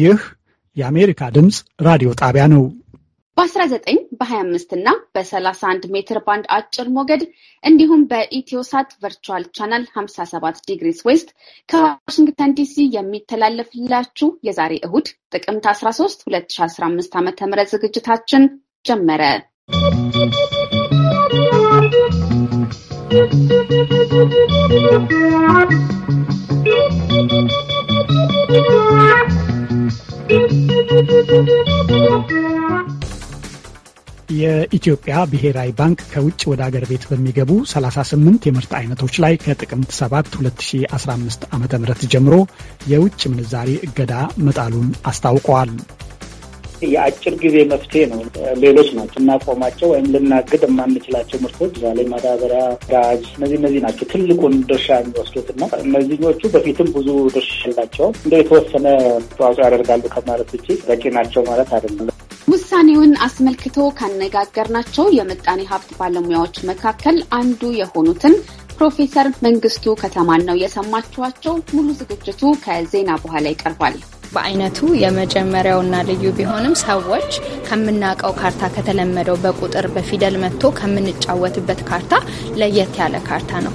ይህ የአሜሪካ ድምፅ ራዲዮ ጣቢያ ነው። በ19 በ25 እና በ31 ሜትር ባንድ አጭር ሞገድ እንዲሁም በኢትዮሳት ቨርቹዋል ቻናል 57 ዲግሪስ ዌስት ከዋሽንግተን ዲሲ የሚተላለፍላችሁ የዛሬ እሁድ ጥቅምት 13 2015 ዓ ም ዝግጅታችን ጀመረ። ¶¶ የኢትዮጵያ ብሔራዊ ባንክ ከውጭ ወደ አገር ቤት በሚገቡ 38 የምርት አይነቶች ላይ ከጥቅምት 7 2015 ዓ ም ጀምሮ የውጭ ምንዛሪ እገዳ መጣሉን አስታውቀዋል። የአጭር ጊዜ መፍትሄ ነው። ሌሎች ናቸው እናቆማቸው ወይም ልናግድ የማንችላቸው ምርቶች ዛሬ ማዳበሪያ፣ ጋዝ፣ እነዚህ እነዚህ ናቸው ትልቁን ድርሻ የሚወስዱት እና እነዚህኞቹ በፊትም ብዙ ድርሻ ያላቸው እንደ የተወሰነ ተዋጽኦ ያደርጋሉ ከማለት ውጭ በቂ ናቸው ማለት አይደለም። ውሳኔውን አስመልክቶ ካነጋገርናቸው የምጣኔ ሀብት ባለሙያዎች መካከል አንዱ የሆኑትን ፕሮፌሰር መንግስቱ ከተማን ነው የሰማችኋቸው። ሙሉ ዝግጅቱ ከዜና በኋላ ይቀርባል። በአይነቱ የመጀመሪያውና ልዩ ቢሆንም ሰዎች ከምናውቀው ካርታ ከተለመደው በቁጥር በፊደል መጥቶ ከምንጫወትበት ካርታ ለየት ያለ ካርታ ነው።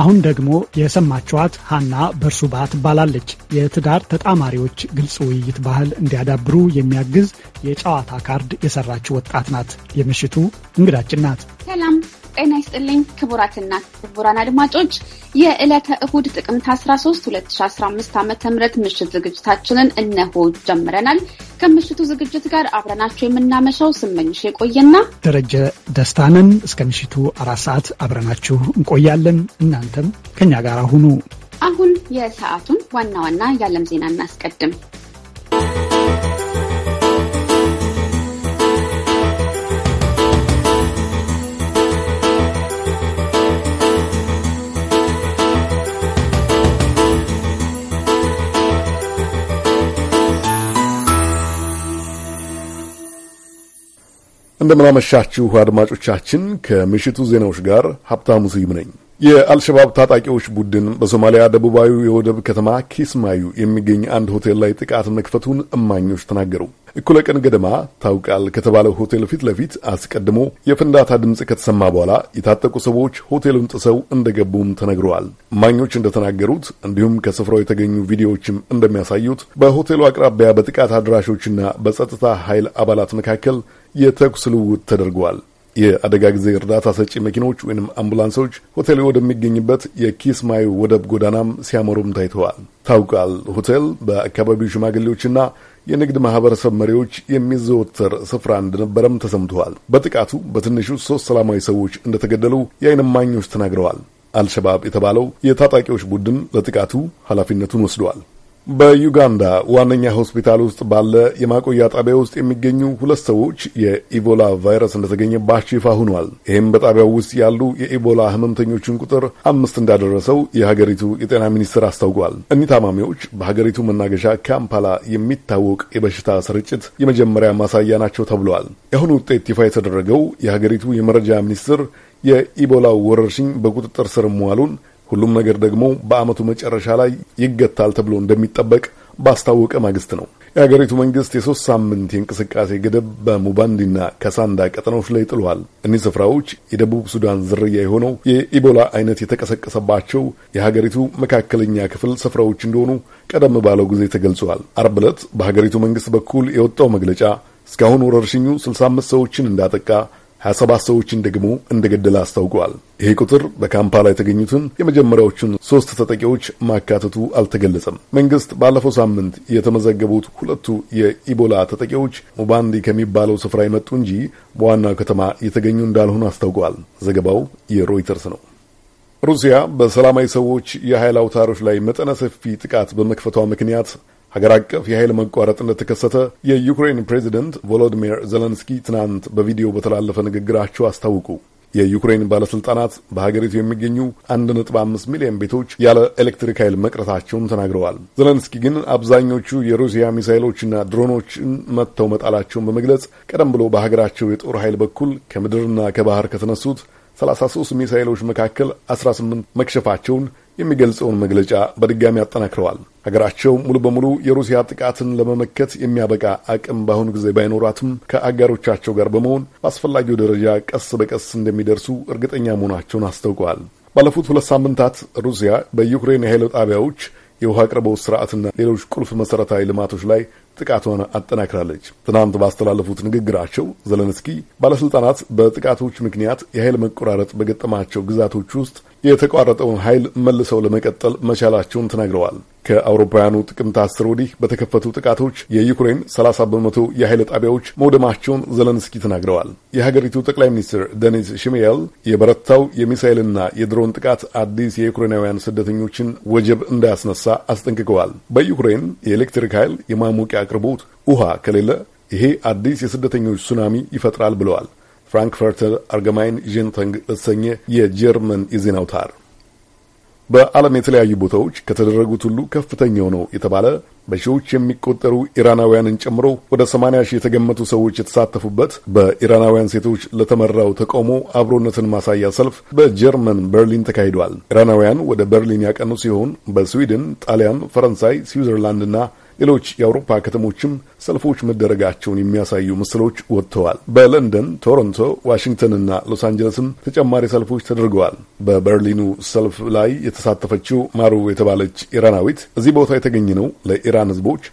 አሁን ደግሞ የሰማችኋት ሀና በእርሱ ባህ ትባላለች። የትዳር ተጣማሪዎች ግልጽ ውይይት ባህል እንዲያዳብሩ የሚያግዝ የጨዋታ ካርድ የሰራች ወጣት ናት። የምሽቱ እንግዳችን ናት። ሰላም ጤና ይስጥልኝ ክቡራትና ክቡራን አድማጮች የዕለተ እሁድ ጥቅምት 13 2015 ዓ ም ምሽት ዝግጅታችንን እነሆ ጀምረናል። ከምሽቱ ዝግጅት ጋር አብረናቸው የምናመሻው ስመኝሽ የቆየና ደረጀ ደስታንን እስከ ምሽቱ አራት ሰዓት አብረናችሁ እንቆያለን። እናንተም ከኛ ጋር አሁኑ አሁን የሰዓቱን ዋና ዋና የዓለም ዜና እናስቀድም። እንደምናመሻችሁ አድማጮቻችን፣ ከምሽቱ ዜናዎች ጋር ሀብታሙ ስዩም ነኝ። የአልሸባብ ታጣቂዎች ቡድን በሶማሊያ ደቡባዊ የወደብ ከተማ ኪስማዩ የሚገኝ አንድ ሆቴል ላይ ጥቃት መክፈቱን እማኞች ተናገሩ። እኩለ ቀን ገደማ ታውቃል ከተባለ ሆቴል ፊት ለፊት አስቀድሞ የፍንዳታ ድምፅ ከተሰማ በኋላ የታጠቁ ሰዎች ሆቴሉን ጥሰው እንደገቡም ተነግረዋል። እማኞች እንደተናገሩት እንዲሁም ከስፍራው የተገኙ ቪዲዮዎችም እንደሚያሳዩት በሆቴሉ አቅራቢያ በጥቃት አድራሾችና በጸጥታ ኃይል አባላት መካከል የተኩስ ልውውጥ ተደርገዋል። የአደጋ ጊዜ እርዳታ ሰጪ መኪኖች ወይም አምቡላንሶች ሆቴል ወደሚገኝበት የኪስማይ ወደብ ጎዳናም ሲያመሩም ታይተዋል። ታውቃል ሆቴል በአካባቢው ሽማግሌዎችና የንግድ ማህበረሰብ መሪዎች የሚዘወተር ስፍራ እንደነበረም ተሰምተዋል። በጥቃቱ በትንሹ ሶስት ሰላማዊ ሰዎች እንደተገደሉ የዓይን እማኞች ተናግረዋል። አልሸባብ የተባለው የታጣቂዎች ቡድን ለጥቃቱ ኃላፊነቱን ወስደዋል። በዩጋንዳ ዋነኛ ሆስፒታል ውስጥ ባለ የማቆያ ጣቢያ ውስጥ የሚገኙ ሁለት ሰዎች የኢቦላ ቫይረስ እንደተገኘባቸው ይፋ ሆኗል። ይህም በጣቢያው ውስጥ ያሉ የኢቦላ ህመምተኞችን ቁጥር አምስት እንዳደረሰው የሀገሪቱ የጤና ሚኒስትር አስታውቋል። እኒህ ታማሚዎች በሀገሪቱ መናገሻ ካምፓላ የሚታወቅ የበሽታ ስርጭት የመጀመሪያ ማሳያ ናቸው ተብለዋል። የአሁኑ ውጤት ይፋ የተደረገው የሀገሪቱ የመረጃ ሚኒስትር የኢቦላ ወረርሽኝ በቁጥጥር ስር መዋሉን ሁሉም ነገር ደግሞ በዓመቱ መጨረሻ ላይ ይገታል ተብሎ እንደሚጠበቅ ባስታወቀ ማግስት ነው የአገሪቱ መንግስት የሶስት ሳምንት የእንቅስቃሴ ገደብ በሙባንዲና ከሳንዳ ቀጠናዎች ላይ ጥሏል። እኒህ ስፍራዎች የደቡብ ሱዳን ዝርያ የሆነው የኢቦላ አይነት የተቀሰቀሰባቸው የሀገሪቱ መካከለኛ ክፍል ስፍራዎች እንደሆኑ ቀደም ባለው ጊዜ ተገልጿል። አርብ ዕለት በሀገሪቱ መንግስት በኩል የወጣው መግለጫ እስካሁን ወረርሽኙ 65 ሰዎችን እንዳጠቃ 27 ሰዎችን ደግሞ እንደገደለ አስታውቀዋል። ይሄ ቁጥር በካምፓላ የተገኙትን የመጀመሪያዎቹን ሶስት ተጠቂዎች ማካተቱ አልተገለጸም። መንግስት ባለፈው ሳምንት የተመዘገቡት ሁለቱ የኢቦላ ተጠቂዎች ሙባንዲ ከሚባለው ስፍራ የመጡ እንጂ በዋናው ከተማ የተገኙ እንዳልሆኑ አስታውቀዋል። ዘገባው የሮይተርስ ነው። ሩሲያ በሰላማዊ ሰዎች የኃይል አውታሮች ላይ መጠነ ሰፊ ጥቃት በመክፈቷ ምክንያት ሀገር አቀፍ የኃይል መቋረጥ እንደተከሰተ የዩክሬን ፕሬዚደንት ቮሎዲሚር ዘለንስኪ ትናንት በቪዲዮ በተላለፈ ንግግራቸው አስታውቁ። የዩክሬን ባለስልጣናት በሀገሪቱ የሚገኙ 1.5 ሚሊዮን ቤቶች ያለ ኤሌክትሪክ ኃይል መቅረታቸውን ተናግረዋል። ዘለንስኪ ግን አብዛኞቹ የሩሲያ ሚሳይሎችና ድሮኖችን መጥተው መጣላቸውን በመግለጽ ቀደም ብሎ በሀገራቸው የጦር ኃይል በኩል ከምድርና ከባህር ከተነሱት 33 ሚሳይሎች መካከል 18 መክሸፋቸውን የሚገልጸውን መግለጫ በድጋሚ አጠናክረዋል። ሀገራቸው ሙሉ በሙሉ የሩሲያ ጥቃትን ለመመከት የሚያበቃ አቅም በአሁኑ ጊዜ ባይኖራትም ከአጋሮቻቸው ጋር በመሆን በአስፈላጊው ደረጃ ቀስ በቀስ እንደሚደርሱ እርግጠኛ መሆናቸውን አስታውቀዋል። ባለፉት ሁለት ሳምንታት ሩሲያ በዩክሬን የኃይል ጣቢያዎች የውሃ አቅርቦት ስርዓትና ሌሎች ቁልፍ መሠረታዊ ልማቶች ላይ ጥቃቷን አጠናክራለች። ትናንት ባስተላለፉት ንግግራቸው ዘለንስኪ ባለስልጣናት በጥቃቶች ምክንያት የኃይል መቆራረጥ በገጠማቸው ግዛቶች ውስጥ የተቋረጠውን ኃይል መልሰው ለመቀጠል መቻላቸውን ተናግረዋል። ከአውሮፓውያኑ ጥቅምት አስር ወዲህ በተከፈቱ ጥቃቶች የዩክሬን 30 በመቶ የኃይል ጣቢያዎች መውደማቸውን ዘለንስኪ ተናግረዋል። የሀገሪቱ ጠቅላይ ሚኒስትር ደኒስ ሽሜያል የበረታው የሚሳይልና የድሮን ጥቃት አዲስ የዩክሬናውያን ስደተኞችን ወጀብ እንዳያስነሳ አስጠንቅቀዋል። በዩክሬን የኤሌክትሪክ ኃይል የማሞቂያ አቅርቦት፣ ውሃ ከሌለ ይሄ አዲስ የስደተኞች ሱናሚ ይፈጥራል ብለዋል። ፍራንክፈርተር አርገማይን ዥንተንግ ለተሰኘ የጀርመን የዜና አውታር በዓለም የተለያዩ ቦታዎች ከተደረጉት ሁሉ ከፍተኛው ነው የተባለ በሺዎች የሚቆጠሩ ኢራናውያንን ጨምሮ ወደ 80 ሺህ የተገመቱ ሰዎች የተሳተፉበት በኢራናውያን ሴቶች ለተመራው ተቃውሞ አብሮነትን ማሳያ ሰልፍ በጀርመን በርሊን ተካሂዷል። ኢራናውያን ወደ በርሊን ያቀኑ ሲሆን በስዊድን፣ ጣሊያን፣ ፈረንሳይ፣ ስዊዘርላንድና ሌሎች የአውሮፓ ከተሞችም ሰልፎች መደረጋቸውን የሚያሳዩ ምስሎች ወጥተዋል። በለንደን፣ ቶሮንቶ፣ ዋሽንግተንና ሎስ አንጀለስም ተጨማሪ ሰልፎች ተደርገዋል። በበርሊኑ ሰልፍ ላይ የተሳተፈችው ማሩ የተባለች ኢራናዊት እዚህ ቦታ የተገኘ ነው ለኢራን ሕዝቦች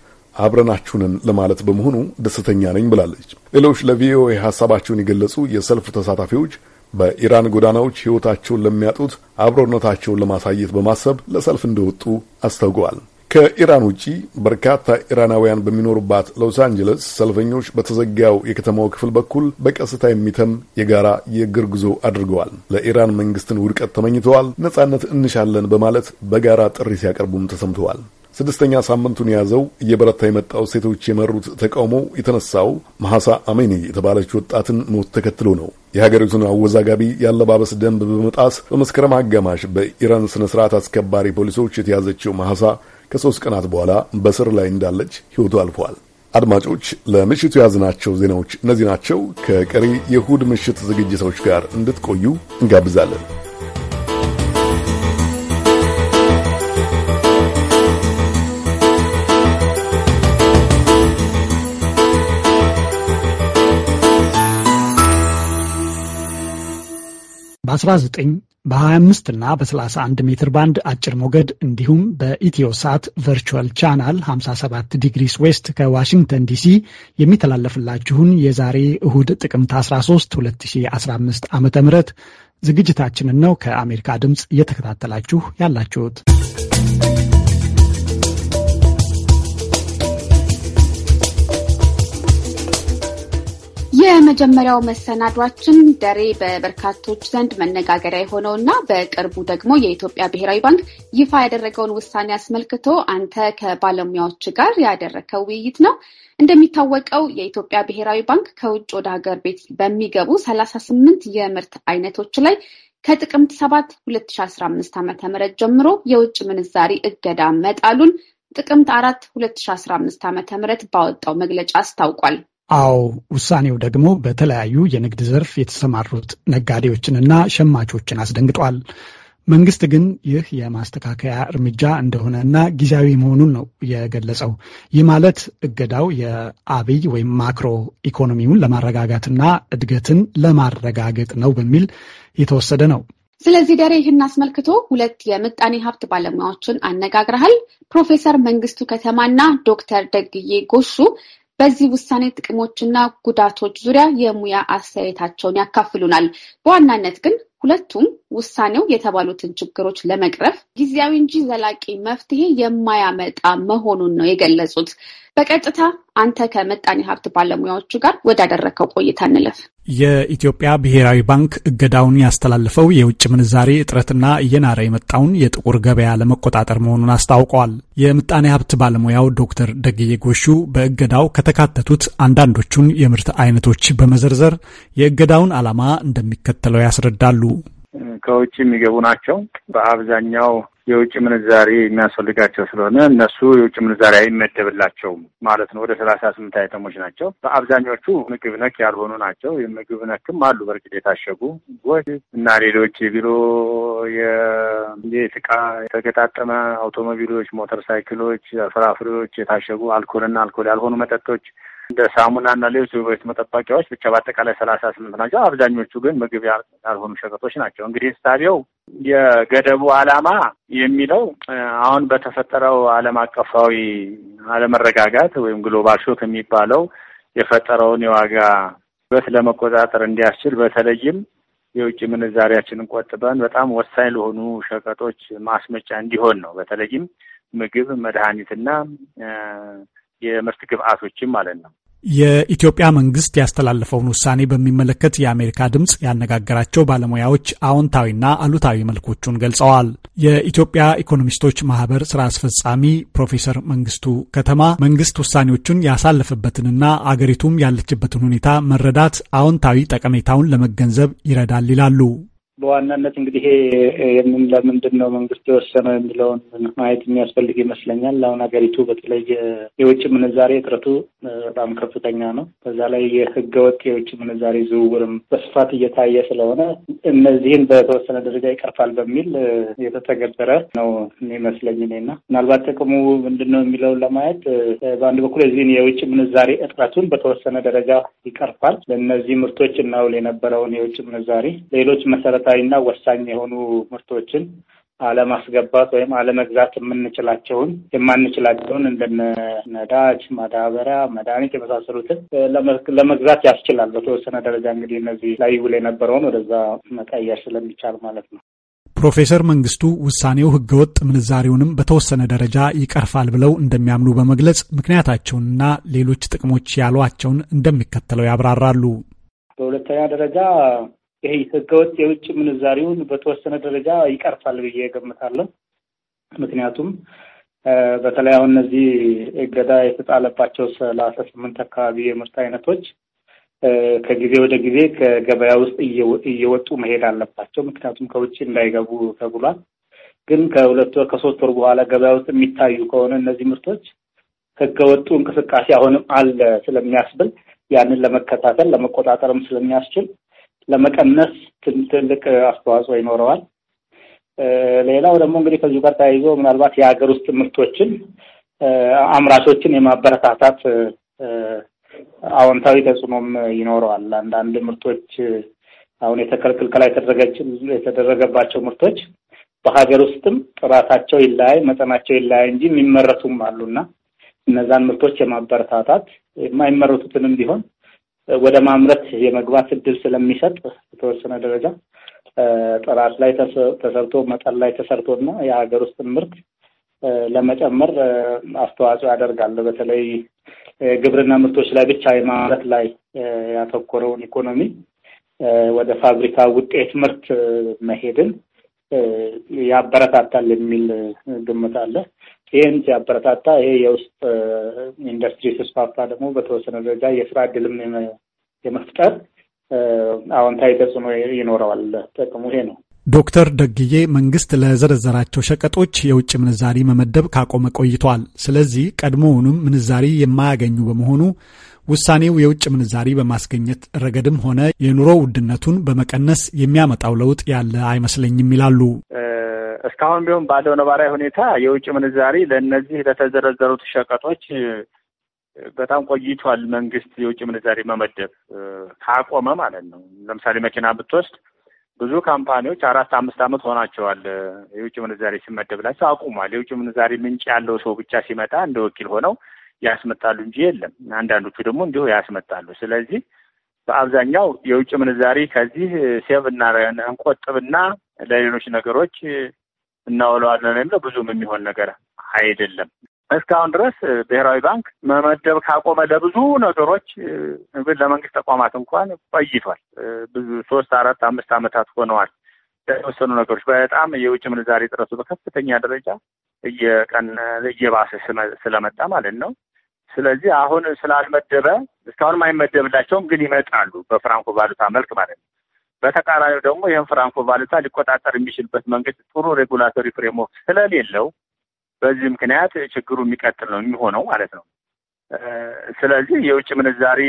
አብረናችሁንን ለማለት በመሆኑ ደስተኛ ነኝ ብላለች። ሌሎች ለቪኦኤ ሀሳባቸውን የገለጹ የሰልፉ ተሳታፊዎች በኢራን ጎዳናዎች ሕይወታቸውን ለሚያጡት አብሮነታቸውን ለማሳየት በማሰብ ለሰልፍ እንደወጡ አስታውቀዋል። ከኢራን ውጪ በርካታ ኢራናውያን በሚኖሩባት ሎስ አንጀለስ ሰልፈኞች በተዘጋው የከተማው ክፍል በኩል በቀስታ የሚተም የጋራ የእግር ጉዞ አድርገዋል። ለኢራን መንግስትን ውድቀት ተመኝተዋል። ነጻነት እንሻለን በማለት በጋራ ጥሪ ሲያቀርቡም ተሰምተዋል። ስድስተኛ ሳምንቱን የያዘው እየበረታ የመጣው ሴቶች የመሩት ተቃውሞ የተነሳው መሐሳ አሜኒ የተባለች ወጣትን ሞት ተከትሎ ነው። የሀገሪቱን አወዛጋቢ ያለባበስ ደንብ በመጣስ በመስከረም አጋማሽ በኢራን ስነ ስርዓት አስከባሪ ፖሊሶች የተያዘችው መሐሳ ከሶስት ቀናት በኋላ በስር ላይ እንዳለች ሕይወቱ አልፏል። አድማጮች ለምሽቱ የያዝናቸው ዜናዎች እነዚህ ናቸው። ከቀሪ የእሁድ ምሽት ዝግጅቶች ጋር እንድትቆዩ እንጋብዛለን። በ19 በ25 እና በ31 ሜትር ባንድ አጭር ሞገድ እንዲሁም ሳት ቨርቹዋል ቻናል 57 ዲግሪስ ዌስት ከዋሽንግተን ዲሲ የሚተላለፍላችሁን የዛሬ እሁድ ጥቅምት 13 2015 ዓ ም ዝግጅታችንን ነው ከአሜሪካ ድምፅ እየተከታተላችሁ ያላችሁት። የመጀመሪያው መሰናዷችን ደሬ በበርካቶች ዘንድ መነጋገሪያ የሆነው እና በቅርቡ ደግሞ የኢትዮጵያ ብሔራዊ ባንክ ይፋ ያደረገውን ውሳኔ አስመልክቶ አንተ ከባለሙያዎች ጋር ያደረከው ውይይት ነው። እንደሚታወቀው የኢትዮጵያ ብሔራዊ ባንክ ከውጭ ወደ ሀገር ቤት በሚገቡ ሰላሳ ስምንት የምርት አይነቶች ላይ ከጥቅምት ሰባት ሁለት ሺ አስራ አምስት ዓመተ ምህረት ጀምሮ የውጭ ምንዛሪ እገዳ መጣሉን ጥቅምት አራት ሁለት ሺ አስራ አምስት ዓመተ ምህረት ባወጣው መግለጫ አስታውቋል። አዎ ውሳኔው ደግሞ በተለያዩ የንግድ ዘርፍ የተሰማሩት ነጋዴዎችንና ሸማቾችን አስደንግጧል። መንግስት ግን ይህ የማስተካከያ እርምጃ እንደሆነና ጊዜያዊ መሆኑን ነው የገለጸው። ይህ ማለት እገዳው የአብይ ወይም ማክሮ ኢኮኖሚውን ለማረጋጋትና እድገትን ለማረጋገጥ ነው በሚል የተወሰደ ነው። ስለዚህ ደሬ ይህን አስመልክቶ ሁለት የምጣኔ ሀብት ባለሙያዎችን አነጋግረሃል። ፕሮፌሰር መንግስቱ ከተማና ዶክተር ደግዬ ጎሹ በዚህ ውሳኔ ጥቅሞችና ጉዳቶች ዙሪያ የሙያ አስተያየታቸውን ያካፍሉናል። በዋናነት ግን ሁለቱም ውሳኔው የተባሉትን ችግሮች ለመቅረፍ ጊዜያዊ እንጂ ዘላቂ መፍትሄ የማያመጣ መሆኑን ነው የገለጹት። በቀጥታ አንተ ከምጣኔ ሀብት ባለሙያዎቹ ጋር ወዳደረከው ቆይታ እንለፍ። የኢትዮጵያ ብሔራዊ ባንክ እገዳውን ያስተላለፈው የውጭ ምንዛሬ እጥረትና እየናረ የመጣውን የጥቁር ገበያ ለመቆጣጠር መሆኑን አስታውቀዋል። የምጣኔ ሀብት ባለሙያው ዶክተር ደግዬ ጎሹ በእገዳው ከተካተቱት አንዳንዶቹን የምርት አይነቶች በመዘርዘር የእገዳውን ዓላማ እንደሚከተለው ያስረዳሉ። ከውጭ የሚገቡ ናቸው። በአብዛኛው የውጭ ምንዛሬ የሚያስፈልጋቸው ስለሆነ እነሱ የውጭ ምንዛሬ አይመደብላቸውም ማለት ነው። ወደ ሰላሳ ስምንት አይተሞች ናቸው። በአብዛኞቹ ምግብ ነክ ያልሆኑ ናቸው። የምግብ ነክም አሉ። በእርግጥ የታሸጉ ቦች እና ሌሎች የቢሮ የቤት የተገጣጠመ አውቶሞቢሎች፣ ሞተር ሳይክሎች፣ ፍራፍሬዎች፣ የታሸጉ አልኮልና አልኮል ያልሆኑ መጠጦች እንደ ሳሙና እና ሌሎች ውበት መጠባቂያዎች ብቻ በአጠቃላይ ሰላሳ ስምንት ናቸው። አብዛኞቹ ግን ምግብ ያልሆኑ ሸቀጦች ናቸው። እንግዲህ ስታዲያው የገደቡ ዓላማ የሚለው አሁን በተፈጠረው ዓለም አቀፋዊ አለመረጋጋት ወይም ግሎባል ሾክ የሚባለው የፈጠረውን የዋጋ በት ለመቆጣጠር እንዲያስችል በተለይም የውጭ ምንዛሪያችንን ቆጥበን በጣም ወሳኝ ለሆኑ ሸቀጦች ማስመጫ እንዲሆን ነው። በተለይም ምግብ፣ መድኃኒትና የምርት ግብአቶችም ማለት ነው። የኢትዮጵያ መንግስት ያስተላለፈውን ውሳኔ በሚመለከት የአሜሪካ ድምፅ ያነጋገራቸው ባለሙያዎች አዎንታዊና አሉታዊ መልኮቹን ገልጸዋል። የኢትዮጵያ ኢኮኖሚስቶች ማህበር ስራ አስፈጻሚ ፕሮፌሰር መንግስቱ ከተማ መንግስት ውሳኔዎቹን ያሳለፈበትንና አገሪቱም ያለችበትን ሁኔታ መረዳት አዎንታዊ ጠቀሜታውን ለመገንዘብ ይረዳል ይላሉ። በዋናነት እንግዲህ ይሄ ለምንድን ነው መንግስት የወሰነው የሚለውን ማየት የሚያስፈልግ ይመስለኛል። አሁን ሀገሪቱ በተለይ የውጭ ምንዛሬ እጥረቱ በጣም ከፍተኛ ነው። በዛ ላይ የህገወጥ የውጭ ምንዛሬ ዝውውርም በስፋት እየታየ ስለሆነ እነዚህን በተወሰነ ደረጃ ይቀርፋል በሚል የተተገበረ ነው የሚመስለኝ እኔና ምናልባት ጥቅሙ ምንድን ነው የሚለውን ለማየት በአንድ በኩል የዚህን የውጭ ምንዛሬ እጥረቱን በተወሰነ ደረጃ ይቀርፋል። ለእነዚህ ምርቶች እናውል የነበረውን የውጭ ምንዛሬ ሌሎች መሰረታ መሰረታዊና ወሳኝ የሆኑ ምርቶችን አለማስገባት ወይም አለመግዛት የምንችላቸውን የማንችላቸውን እንደነ ነዳጅ፣ ማዳበሪያ፣ መድኃኒት የመሳሰሉትን ለመግዛት ያስችላል። በተወሰነ ደረጃ እንግዲህ እነዚህ ላይ ውል የነበረውን ወደዛ መቀየር ስለሚቻል ማለት ነው። ፕሮፌሰር መንግስቱ ውሳኔው ህገወጥ ምንዛሬውንም በተወሰነ ደረጃ ይቀርፋል ብለው እንደሚያምኑ በመግለጽ ምክንያታቸውንና ሌሎች ጥቅሞች ያሏቸውን እንደሚከተለው ያብራራሉ። በሁለተኛ ደረጃ ይሄ ህገወጥ የውጭ ምንዛሪውን በተወሰነ ደረጃ ይቀርፋል ብዬ ገምታለሁ ምክንያቱም በተለይ አሁን እነዚህ እገዳ የተጣለባቸው ሰላሳ ስምንት አካባቢ የምርት አይነቶች ከጊዜ ወደ ጊዜ ከገበያ ውስጥ እየወጡ መሄድ አለባቸው። ምክንያቱም ከውጭ እንዳይገቡ ተብሏል። ግን ከሁለት ወር ከሶስት ወር በኋላ ገበያ ውስጥ የሚታዩ ከሆነ እነዚህ ምርቶች ህገወጡ እንቅስቃሴ አሁንም አለ ስለሚያስብል ያንን ለመከታተል ለመቆጣጠርም ስለሚያስችል ለመቀነስ ትልቅ አስተዋጽኦ ይኖረዋል። ሌላው ደግሞ እንግዲህ ከዚሁ ጋር ተያይዞ ምናልባት የሀገር ውስጥ ምርቶችን አምራቾችን የማበረታታት አዎንታዊ ተጽዕኖም ይኖረዋል። አንዳንድ ምርቶች አሁን የተከልክልከላ የተደረገባቸው ምርቶች በሀገር ውስጥም ጥራታቸው ይለያይ፣ መጠናቸው ይለያይ እንጂ የሚመረቱም አሉና እነዛን ምርቶች የማበረታታት የማይመረቱትንም ቢሆን ወደ ማምረት የመግባት እድል ስለሚሰጥ በተወሰነ ደረጃ ጥራት ላይ ተሰርቶ መጠን ላይ ተሰርቶ እና የሀገር ውስጥ ምርት ለመጨመር አስተዋጽኦ ያደርጋል። በተለይ ግብርና ምርቶች ላይ ብቻ የማምረት ላይ ያተኮረውን ኢኮኖሚ ወደ ፋብሪካ ውጤት ምርት መሄድን ያበረታታል የሚል ግምት አለ። ይህን ሲያበረታታ ይሄ የውስጥ ኢንዱስትሪ ስስፋፋ ደግሞ በተወሰነ ደረጃ የስራ እድልም የመፍጠር አዎንታዊ ተጽዕኖ ይኖረዋል። ጥቅሙ ይሄ ነው። ዶክተር ደግዬ መንግስት ለዘረዘራቸው ሸቀጦች የውጭ ምንዛሪ መመደብ ካቆመ ቆይቷል። ስለዚህ ቀድሞውንም ምንዛሪ የማያገኙ በመሆኑ ውሳኔው የውጭ ምንዛሪ በማስገኘት ረገድም ሆነ የኑሮ ውድነቱን በመቀነስ የሚያመጣው ለውጥ ያለ አይመስለኝም ይላሉ። እስካሁን ቢሆን ባለው ነባራዊ ሁኔታ የውጭ ምንዛሪ ለእነዚህ ለተዘረዘሩት ሸቀጦች በጣም ቆይቷል። መንግስት የውጭ ምንዛሪ መመደብ ካቆመ ማለት ነው። ለምሳሌ መኪና ብትወስድ ብዙ ካምፓኒዎች አራት አምስት ዓመት ሆናቸዋል የውጭ ምንዛሬ ሲመደብላቸው አቁሟል። የውጭ ምንዛሬ ምንጭ ያለው ሰው ብቻ ሲመጣ እንደ ወኪል ሆነው ያስመጣሉ እንጂ የለም። አንዳንዶቹ ደግሞ እንዲሁ ያስመጣሉ። ስለዚህ በአብዛኛው የውጭ ምንዛሬ ከዚህ ሴቭ እና እንቆጥብና ለሌሎች ነገሮች እናውለዋለን የሚለው ብዙም የሚሆን ነገር አይደለም። እስካሁን ድረስ ብሔራዊ ባንክ መመደብ ካቆመ ለብዙ ነገሮች ለመንግስት ተቋማት እንኳን ቆይቷል። ብዙ ሶስት አራት አምስት ዓመታት ሆነዋል። ለተወሰኑ ነገሮች በጣም የውጭ ምንዛሬ ጥረቱ በከፍተኛ ደረጃ እየቀን እየባሰ ስለመጣ ማለት ነው። ስለዚህ አሁን ስላልመደበ እስካሁንም አይመደብላቸውም፣ ግን ይመጣሉ በፍራንኮ ባሉታ መልክ ማለት ነው። በተቃራኒው ደግሞ ይህን ፍራንኮ ቫሉታ ሊቆጣጠር የሚችልበት መንግስት ጥሩ ሬጉላቶሪ ፍሬምወርክ ስለሌለው በዚህ ምክንያት ችግሩ የሚቀጥል ነው የሚሆነው ማለት ነው። ስለዚህ የውጭ ምንዛሪ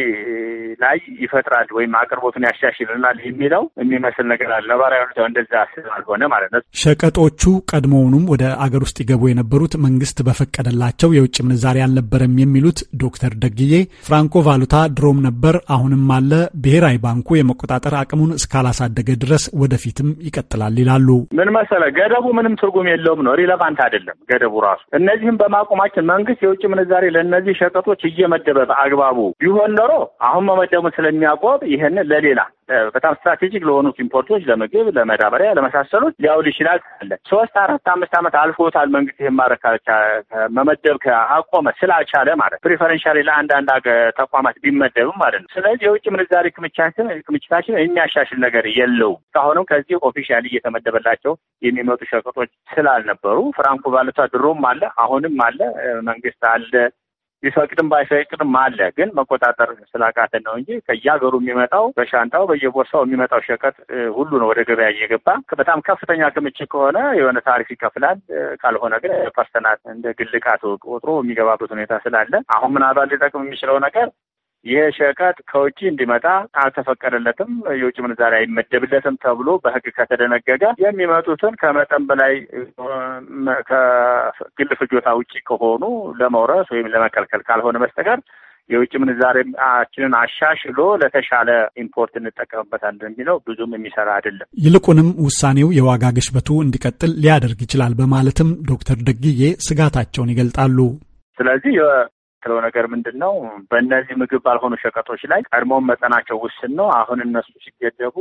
ላይ ይፈጥራል ወይም አቅርቦቱን ያሻሽልናል የሚለው የሚመስል ነገር አለ። ነባራዊ ሁኔታው እንደዛ ስላልሆነ ማለት ነው። ሸቀጦቹ ቀድሞውኑም ወደ አገር ውስጥ ይገቡ የነበሩት መንግስት በፈቀደላቸው የውጭ ምንዛሪ አልነበረም የሚሉት ዶክተር ደግዬ ፍራንኮ ቫሉታ ድሮም ነበር፣ አሁንም አለ። ብሔራዊ ባንኩ የመቆጣጠር አቅሙን እስካላሳደገ ድረስ ወደፊትም ይቀጥላል ይላሉ። ምን መሰለ ገደቡ ምንም ትርጉም የለውም ነው፣ ሪለቫንት አይደለም ገደቡ ራሱ። እነዚህም በማቆማችን መንግስት የውጭ ምንዛሪ ለእነዚህ ሸቀጦ ሴቶች እየመደበ በአግባቡ ቢሆን ኖሮ አሁን መመደቡን ስለሚያቆም ይህን ለሌላ በጣም ስትራቴጂክ ለሆኑት ኢምፖርቶች ለምግብ፣ ለመዳበሪያ፣ ለመሳሰሉት ሊያውል ይችላል አለ ሶስት አራት አምስት ዓመት አልፎታል። መንግስት ይህን ማድረግ መመደብ ከአቆመ ስላልቻለ ማለት ፕሪፈረንሻሊ ለአንዳንድ ተቋማት ቢመደብም ማለት ነው። ስለዚህ የውጭ ምንዛሪ ክምቻችን ክምችታችን የሚያሻሽል ነገር የለውም። እስካሁንም ከዚህ ኦፊሻሊ እየተመደበላቸው የሚመጡ ሸቀጦች ስላልነበሩ ፍራንኩ ቫሉታ ድሮም አለ፣ አሁንም አለ፣ መንግስት አለ ቢፈቅድም ባይፈቅድም አለ። ግን መቆጣጠር ስላቃተ ነው እንጂ ከየሀገሩ የሚመጣው በሻንጣው በየቦርሳው የሚመጣው ሸቀጥ ሁሉ ነው ወደ ገበያ እየገባ። በጣም ከፍተኛ ክምችት ከሆነ የሆነ ታሪፍ ይከፍላል። ካልሆነ ግን ፐርሰናት እንደ ግልቃት ወጥሮ የሚገባበት ሁኔታ ስላለ አሁን ምናልባት ሊጠቅም የሚችለው ነገር ይሄ ሸቀጥ ከውጭ እንዲመጣ አልተፈቀደለትም፣ የውጭ ምንዛሪ አይመደብለትም ተብሎ በህግ ከተደነገገ የሚመጡትን ከመጠን በላይ ከግል ፍጆታ ውጭ ከሆኑ ለመውረስ ወይም ለመከልከል ካልሆነ በስተቀር የውጭ ምንዛሬችንን አሻሽሎ ለተሻለ ኢምፖርት እንጠቀምበታለን የሚለው ብዙም የሚሰራ አይደለም። ይልቁንም ውሳኔው የዋጋ ግሽበቱ እንዲቀጥል ሊያደርግ ይችላል በማለትም ዶክተር ደግዬ ስጋታቸውን ይገልጣሉ። ስለዚህ የምትለው ነገር ምንድን ነው? በእነዚህ ምግብ ባልሆኑ ሸቀጦች ላይ ቀድሞም መጠናቸው ውስን ነው። አሁን እነሱ ሲገደቡ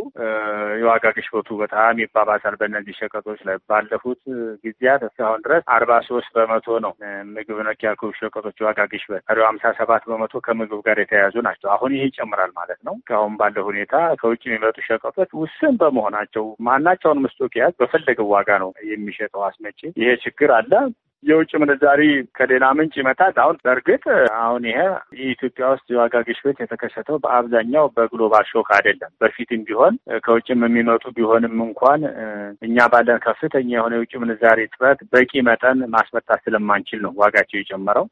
የዋጋ ግሽበቱ በጣም ይባባሳል። በእነዚህ ሸቀጦች ላይ ባለፉት ጊዜያት እስካሁን ድረስ አርባ ሶስት በመቶ ነው ምግብ ነክ ያልኩ ሸቀጦች ዋጋ ግሽበት፣ ቀሪው ሀምሳ ሰባት በመቶ ከምግብ ጋር የተያያዙ ናቸው። አሁን ይሄ ይጨምራል ማለት ነው። ከአሁን ባለው ሁኔታ ከውጭ የሚመጡ ሸቀጦች ውስን በመሆናቸው ማናቸውን ስቶክ ያዝ በፈለገው ዋጋ ነው የሚሸጠው አስመጪ። ይሄ ችግር አለ። የውጭ ምንዛሪ ከሌላ ምንጭ ይመጣል። አሁን በእርግጥ አሁን ይሄ ኢትዮጵያ ውስጥ የዋጋ ግሽበት የተከሰተው በአብዛኛው በግሎባል ሾክ አይደለም። በፊትም ቢሆን ከውጭም የሚመጡ ቢሆንም እንኳን እኛ ባለን ከፍተኛ የሆነ የውጭ ምንዛሪ ጥረት በቂ መጠን ማስመጣት ስለማንችል ነው ዋጋቸው የጨመረው።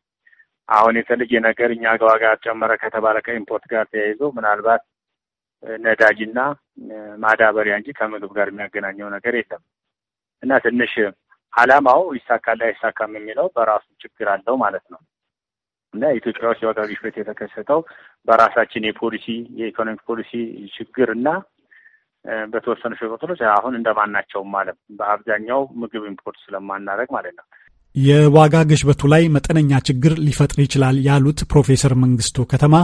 አሁን የተለየ ነገር እኛ ዋጋ ጨመረ ከተባለ ከኢምፖርት ጋር ተያይዞ ምናልባት ነዳጅና ማዳበሪያ እንጂ ከምግብ ጋር የሚያገናኘው ነገር የለም እና ትንሽ አላማው ይሳካል አይሳካም የሚለው በራሱ ችግር አለው ማለት ነው እና ኢትዮጵያ ውስጥ የዋጋ ግሽበት የተከሰተው በራሳችን የፖሊሲ የኢኮኖሚክ ፖሊሲ ችግር እና በተወሰኑ ሸቀጦች አሁን እንደማናቸውም ማለት በአብዛኛው ምግብ ኢምፖርት ስለማናደርግ ማለት ነው። የዋጋ ግሽበቱ ላይ መጠነኛ ችግር ሊፈጥር ይችላል ያሉት ፕሮፌሰር መንግስቱ ከተማ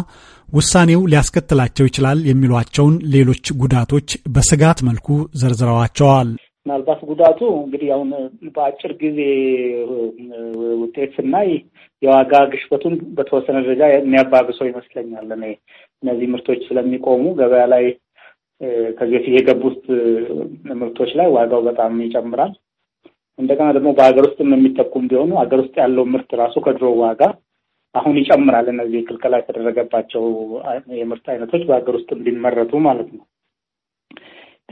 ውሳኔው ሊያስከትላቸው ይችላል የሚሏቸውን ሌሎች ጉዳቶች በስጋት መልኩ ዘርዝረዋቸዋል። ምናልባት ጉዳቱ እንግዲህ አሁን በአጭር ጊዜ ውጤት ስናይ የዋጋ ግሽበቱን በተወሰነ ደረጃ የሚያባብሰው ይመስለኛል። እኔ እነዚህ ምርቶች ስለሚቆሙ ገበያ ላይ ከዚህ በፊት የገቡት ምርቶች ላይ ዋጋው በጣም ይጨምራል። እንደገና ደግሞ በሀገር ውስጥም የሚተኩም ቢሆኑ ሀገር ውስጥ ያለው ምርት ራሱ ከድሮ ዋጋ አሁን ይጨምራል። እነዚህ ክልከላ የተደረገባቸው የምርት አይነቶች በሀገር ውስጥ እንዲመረቱ ማለት ነው።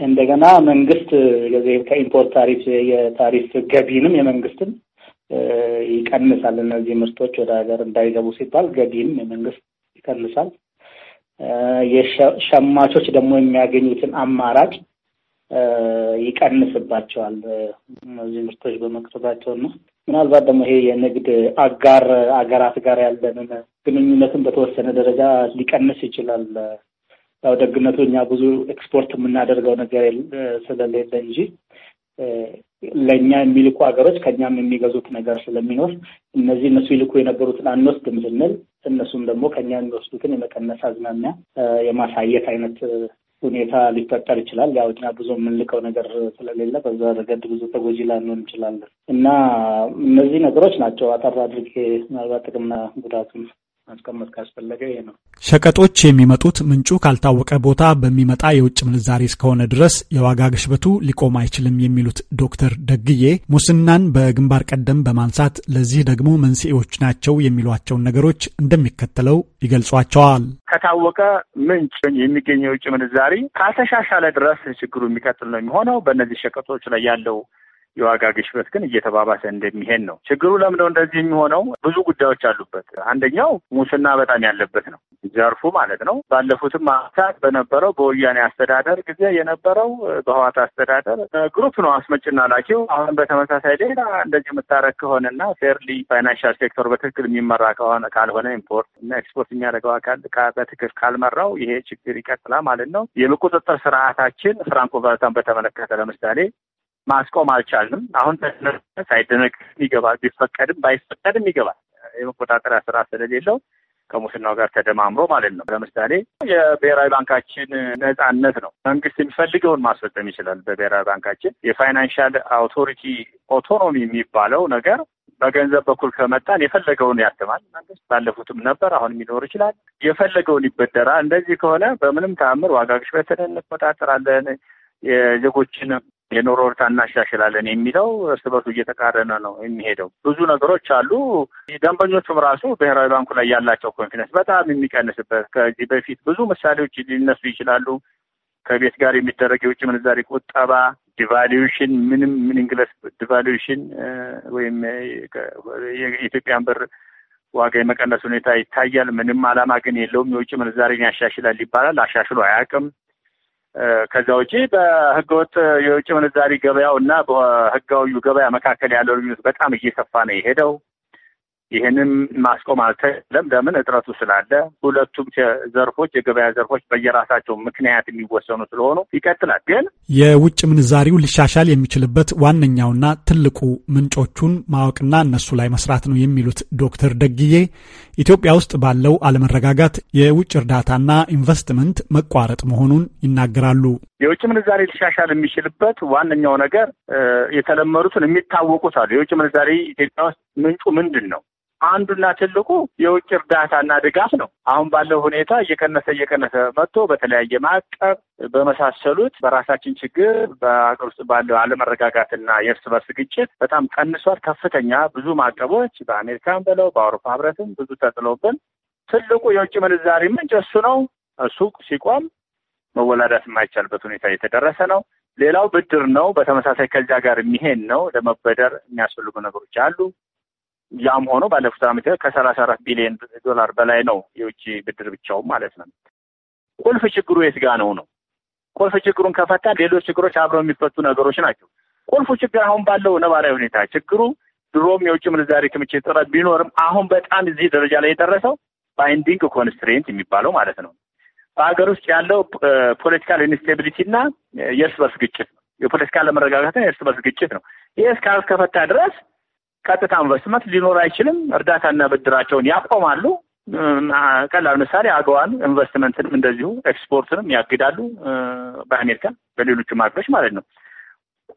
እንደገና መንግስት ከኢምፖርት ታሪፍ የታሪፍ ገቢንም የመንግስትን ይቀንሳል። እነዚህ ምርቶች ወደ ሀገር እንዳይገቡ ሲባል ገቢንም የመንግስት ይቀንሳል። የሸማቾች ደግሞ የሚያገኙትን አማራጭ ይቀንስባቸዋል። እነዚህ ምርቶች በመቅረባቸውና ምናልባት ደግሞ ይሄ የንግድ አጋር አገራት ጋር ያለንን ግንኙነትን በተወሰነ ደረጃ ሊቀንስ ይችላል። ያው ደግነቱ እኛ ብዙ ኤክስፖርት የምናደርገው ነገር ስለሌለ እንጂ ለእኛ የሚልኩ ሀገሮች ከእኛም የሚገዙት ነገር ስለሚኖር እነዚህ እነሱ ይልኩ የነበሩትን አንወስድም ስንል እነሱም ደግሞ ከእኛ የሚወስዱትን የመቀነስ አዝማሚያ የማሳየት አይነት ሁኔታ ሊፈጠር ይችላል። ያው እኛ ብዙ የምንልቀው ነገር ስለሌለ በዛ ረገድ ብዙ ተጎጂ ላንሆን እንችላለን እና እነዚህ ነገሮች ናቸው አጠር አድርጌ ምናልባት ጥቅምና ጉዳቱን ማስቀመጥ ካስፈለገ ይሄ ነው። ሸቀጦች የሚመጡት ምንጩ ካልታወቀ ቦታ በሚመጣ የውጭ ምንዛሬ እስከሆነ ድረስ የዋጋ ግሽበቱ ሊቆም አይችልም የሚሉት ዶክተር ደግዬ ሙስናን በግንባር ቀደም በማንሳት ለዚህ ደግሞ መንስኤዎች ናቸው የሚሏቸውን ነገሮች እንደሚከተለው ይገልጿቸዋል። ከታወቀ ምንጭ የሚገኘ የውጭ ምንዛሪ ካልተሻሻለ ድረስ ችግሩ የሚቀጥል ነው የሚሆነው። በእነዚህ ሸቀጦች ላይ ያለው የዋጋ ግሽበት ግን እየተባባሰ እንደሚሄድ ነው። ችግሩ ለምደው እንደዚህ የሚሆነው? ብዙ ጉዳዮች አሉበት። አንደኛው ሙስና በጣም ያለበት ነው ዘርፉ ማለት ነው። ባለፉትም አመታት በነበረው በወያኔ አስተዳደር ጊዜ የነበረው በህዋት አስተዳደር ግሩፕ ነው አስመጭና ላኪው። አሁን በተመሳሳይ ሌላ እንደዚህ የምታረግ ከሆነና ፌርሊ ፋይናንሻል ሴክተር በትክክል የሚመራ ከሆነ ካልሆነ ኢምፖርት እና ኤክስፖርት የሚያደርገው አካል በትክክል ካልመራው ይሄ ችግር ይቀጥላል ማለት ነው። የመቆጣጠር ስርዓታችን ፍራንኮ ቫሉታን በተመለከተ ለምሳሌ ማስቆም አልቻልንም። አሁን ተደነገገ ሳይደነገግ ይገባል፣ ቢፈቀድም ባይፈቀድም ይገባል። የመቆጣጠሪያ ስራ ስለሌለው ከሙስናው ጋር ተደማምሮ ማለት ነው። ለምሳሌ የብሔራዊ ባንካችን ነጻነት ነው። መንግስት የሚፈልገውን ማስፈጸም ይችላል። በብሔራዊ ባንካችን የፋይናንሻል አውቶሪቲ ኦቶኖሚ የሚባለው ነገር በገንዘብ በኩል ከመጣን የፈለገውን ያትማል መንግስት። ባለፉትም ነበር፣ አሁን ሊኖር ይችላል። የፈለገውን ይበደራል። እንደዚህ ከሆነ በምንም ተአምር ዋጋ ግሽበትን እንቆጣጠራለን። የዜጎችን የኑሮ እርታ እናሻሽላለን የሚለው እርስ በርሱ እየተቃረነ ነው የሚሄደው። ብዙ ነገሮች አሉ። ደንበኞቹም ራሱ ብሔራዊ ባንኩ ላይ ያላቸው ኮንፊደንስ በጣም የሚቀንስበት ከዚህ በፊት ብዙ ምሳሌዎች ሊነሱ ይችላሉ። ከቤት ጋር የሚደረግ የውጭ ምንዛሬ ቁጠባ ዲቫሉሽን ምንም ምን እንግለስ ዲቫሉሽን ወይም የኢትዮጵያን ብር ዋጋ የመቀነስ ሁኔታ ይታያል። ምንም ዓላማ ግን የለውም። የውጭ ምንዛሬን ያሻሽላል ይባላል። አሻሽሎ አያውቅም። ከዛ ውጪ በህገወጥ የውጭ ምንዛሪ ገበያው እና በህጋዊ ገበያ መካከል ያለው ልዩነት በጣም እየሰፋ ነው የሄደው። ይህንን ማስቆም አልተለም። ለምን እጥረቱ ስላለ ሁለቱም ዘርፎች የገበያ ዘርፎች በየራሳቸው ምክንያት የሚወሰኑ ስለሆኑ ይቀጥላል። ግን የውጭ ምንዛሪው ሊሻሻል የሚችልበት ዋነኛውና ትልቁ ምንጮቹን ማወቅና እነሱ ላይ መስራት ነው የሚሉት ዶክተር ደግዬ ኢትዮጵያ ውስጥ ባለው አለመረጋጋት የውጭ እርዳታና ኢንቨስትመንት መቋረጥ መሆኑን ይናገራሉ። የውጭ ምንዛሬ ሊሻሻል የሚችልበት ዋነኛው ነገር የተለመዱትን የሚታወቁት አሉ። የውጭ ምንዛሬ ኢትዮጵያ ውስጥ ምንጩ ምንድን ነው? አንዱና ትልቁ የውጭ እርዳታና ድጋፍ ነው። አሁን ባለው ሁኔታ እየቀነሰ እየቀነሰ መጥቶ በተለያየ ማዕቀብ በመሳሰሉት በራሳችን ችግር በሀገር ውስጥ ባለው አለመረጋጋትና የእርስ በርስ ግጭት በጣም ቀንሷል። ከፍተኛ ብዙ ማዕቀቦች በአሜሪካን ብለው በአውሮፓ ህብረትም ብዙ ተጥሎብን ትልቁ የውጭ ምንዛሪ ምንጭ እሱ ነው። እሱ ሲቆም መወላዳት የማይቻልበት ሁኔታ እየተደረሰ ነው። ሌላው ብድር ነው። በተመሳሳይ ከዚያ ጋር የሚሄድ ነው። ለመበደር የሚያስፈልጉ ነገሮች አሉ። ያም ሆኖ ባለፉት ዓመት ከሰላሳ አራት ቢሊዮን ዶላር በላይ ነው የውጭ ብድር ብቻው ማለት ነው። ቁልፍ ችግሩ የት ጋ ነው ነው? ቁልፍ ችግሩን ከፈታ ሌሎች ችግሮች አብረው የሚፈቱ ነገሮች ናቸው። ቁልፉ ችግር አሁን ባለው ነባራዊ ሁኔታ ችግሩ ድሮም የውጭ ምንዛሪ ክምችት ጥረት ቢኖርም አሁን በጣም እዚህ ደረጃ ላይ የደረሰው ባይንዲንግ ኮንስትሬንት የሚባለው ማለት ነው። በሀገር ውስጥ ያለው ፖለቲካል ኢንስቴቢሊቲ እና የእርስ በርስ ግጭት ነው። የፖለቲካ ለመረጋጋት የእርስ በርስ ግጭት ነው። ይህ እስካልተፈታ ድረስ ቀጥታ ኢንቨስትመንት ሊኖር አይችልም። እርዳታና ብድራቸውን ያቆማሉ። ቀላል ምሳሌ አገዋን ኢንቨስትመንትንም እንደዚሁ ኤክስፖርትንም ያግዳሉ። በአሜሪካ በሌሎችም ሀገሮች ማለት ነው።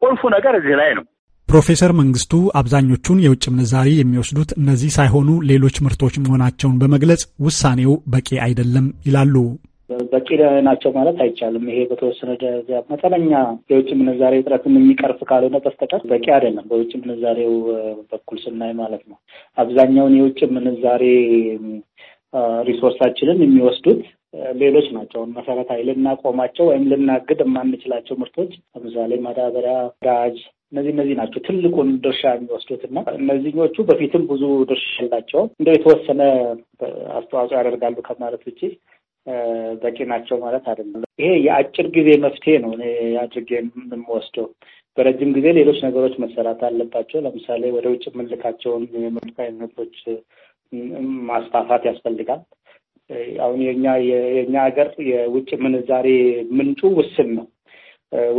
ቁልፉ ነገር እዚህ ላይ ነው። ፕሮፌሰር መንግስቱ አብዛኞቹን የውጭ ምንዛሪ የሚወስዱት እነዚህ ሳይሆኑ ሌሎች ምርቶች መሆናቸውን በመግለጽ ውሳኔው በቂ አይደለም ይላሉ። በቂ ናቸው ማለት አይቻልም። ይሄ በተወሰነ ደረጃ መጠነኛ የውጭ ምንዛሬ እጥረትን የሚቀርፍ ካልሆነ በስተቀር በቂ አይደለም። በውጭ ምንዛሬው በኩል ስናይ ማለት ነው። አብዛኛውን የውጭ ምንዛሬ ሪሶርሳችንን የሚወስዱት ሌሎች ናቸው። መሰረታዊ ልናቆማቸው ወይም ልናግድ የማንችላቸው ምርቶች ለምሳሌ ማዳበሪያ፣ ዳጅ እነዚህ እነዚህ ናቸው ትልቁን ድርሻ የሚወስዱት እና እነዚህኞቹ በፊትም ብዙ ድርሻ ያላቸው እንደ የተወሰነ አስተዋጽኦ ያደርጋሉ ከማለት ውጭ በቂ ናቸው ማለት አይደለም። ይሄ የአጭር ጊዜ መፍትሄ ነው እኔ አድርጌ የምወስደው። በረጅም ጊዜ ሌሎች ነገሮች መሰራት አለባቸው። ለምሳሌ ወደ ውጭ የምንልካቸውን የምርት አይነቶች ማስፋፋት ያስፈልጋል። አሁን የኛ የኛ ሀገር የውጭ ምንዛሬ ምንጩ ውስን ነው።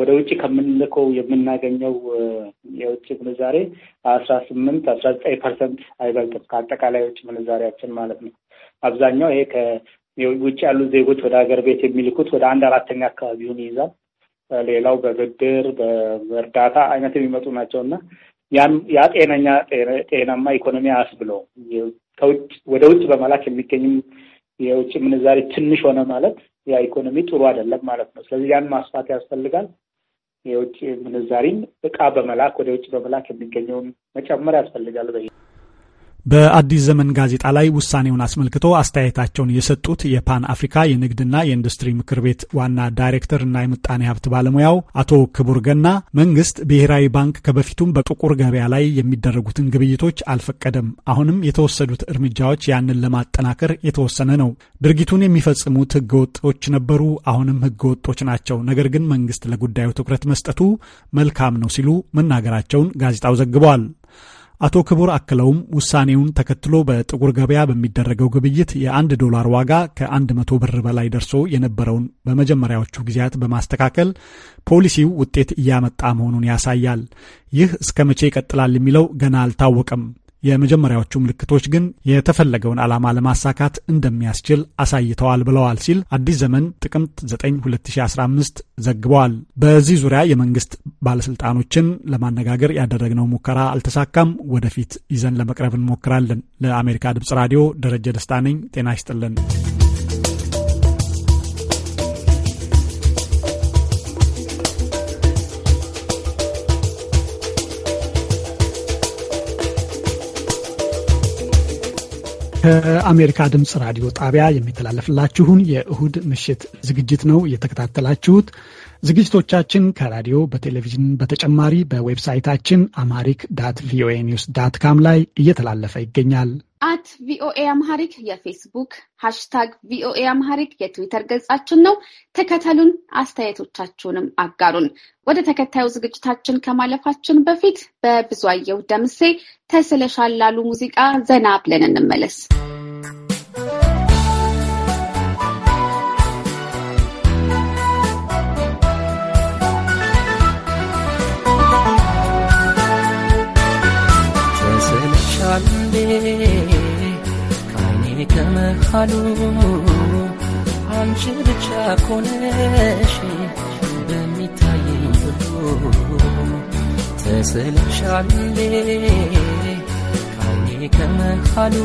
ወደ ውጭ ከምንልከው የምናገኘው የውጭ ምንዛሬ አስራ ስምንት አስራ ዘጠኝ ፐርሰንት አይበልጥም ከአጠቃላይ የውጭ ምንዛሬያችን ማለት ነው። አብዛኛው ይሄ ውጭ ያሉ ዜጎች ወደ ሀገር ቤት የሚልኩት ወደ አንድ አራተኛ አካባቢውን ይይዛል። ሌላው በብድር በእርዳታ አይነት የሚመጡ ናቸው እና ያ ጤነኛ ጤናማ ኢኮኖሚ አስ ከውጭ ወደ ውጭ በመላክ የሚገኝም የውጭ ምንዛሬ ትንሽ ሆነ ማለት ያ ኢኮኖሚ ጥሩ አይደለም ማለት ነው። ስለዚህ ያን ማስፋት ያስፈልጋል። የውጭ ምንዛሪን እቃ በመላክ ወደ ውጭ በመላክ የሚገኘውን መጨመር ያስፈልጋል። በአዲስ ዘመን ጋዜጣ ላይ ውሳኔውን አስመልክቶ አስተያየታቸውን የሰጡት የፓን አፍሪካ የንግድና የኢንዱስትሪ ምክር ቤት ዋና ዳይሬክተር እና የምጣኔ ሀብት ባለሙያው አቶ ክቡር ገና መንግስት ብሔራዊ ባንክ ከበፊቱም በጥቁር ገበያ ላይ የሚደረጉትን ግብይቶች አልፈቀደም። አሁንም የተወሰዱት እርምጃዎች ያንን ለማጠናከር የተወሰነ ነው። ድርጊቱን የሚፈጽሙት ህገወጦች ነበሩ፣ አሁንም ህገወጦች ናቸው። ነገር ግን መንግስት ለጉዳዩ ትኩረት መስጠቱ መልካም ነው ሲሉ መናገራቸውን ጋዜጣው ዘግቧል። አቶ ክቡር አክለውም ውሳኔውን ተከትሎ በጥቁር ገበያ በሚደረገው ግብይት የአንድ ዶላር ዋጋ ከአንድ መቶ ብር በላይ ደርሶ የነበረውን በመጀመሪያዎቹ ጊዜያት በማስተካከል ፖሊሲው ውጤት እያመጣ መሆኑን ያሳያል። ይህ እስከ መቼ ይቀጥላል የሚለው ገና አልታወቀም። የመጀመሪያዎቹ ምልክቶች ግን የተፈለገውን ዓላማ ለማሳካት እንደሚያስችል አሳይተዋል ብለዋል ሲል አዲስ ዘመን ጥቅምት 9 2015 ዘግበዋል። በዚህ ዙሪያ የመንግስት ባለስልጣኖችን ለማነጋገር ያደረግነው ሙከራ አልተሳካም። ወደፊት ይዘን ለመቅረብ እንሞክራለን። ለአሜሪካ ድምፅ ራዲዮ ደረጀ ደስታ ነኝ። ጤና ይስጥልን። ከአሜሪካ ድምፅ ራዲዮ ጣቢያ የሚተላለፍላችሁን የእሁድ ምሽት ዝግጅት ነው እየተከታተላችሁት። ዝግጅቶቻችን ከራዲዮ በቴሌቪዥን በተጨማሪ በዌብሳይታችን አማሪክ ዳት ቪኦኤ ኒውስ ዳት ካም ላይ እየተላለፈ ይገኛል። አት ቪኦኤ አምሃሪክ የፌስቡክ ሃሽታግ ቪኦኤ አምሃሪክ የትዊተር ገጻችን ነው። ተከተሉን፣ አስተያየቶቻችሁንም አጋሩን። ወደ ተከታዩ ዝግጅታችን ከማለፋችን በፊት በብዙአየሁ ደምሴ ተስለሻል ላሉ ሙዚቃ ዘና ብለን እንመለስ። ከመሃሉ አንቺ ብቻ ኮነሽ በሚታየኝ ሁሉ ተስልሻሌ ካውኔ ከመሃሉ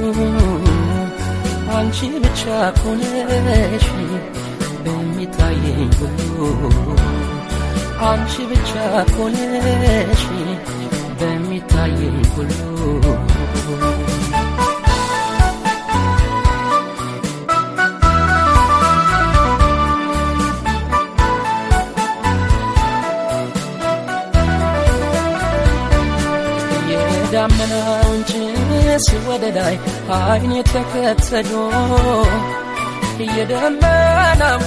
አንቺ ብቻ ኮነሽ በሚታየኝ ሁሉ አንቺ ብቻ ኮነሽ በሚታየኝ ሁሉ አንቺስ ወደ ላይ አይን የተከተዶ የደመናው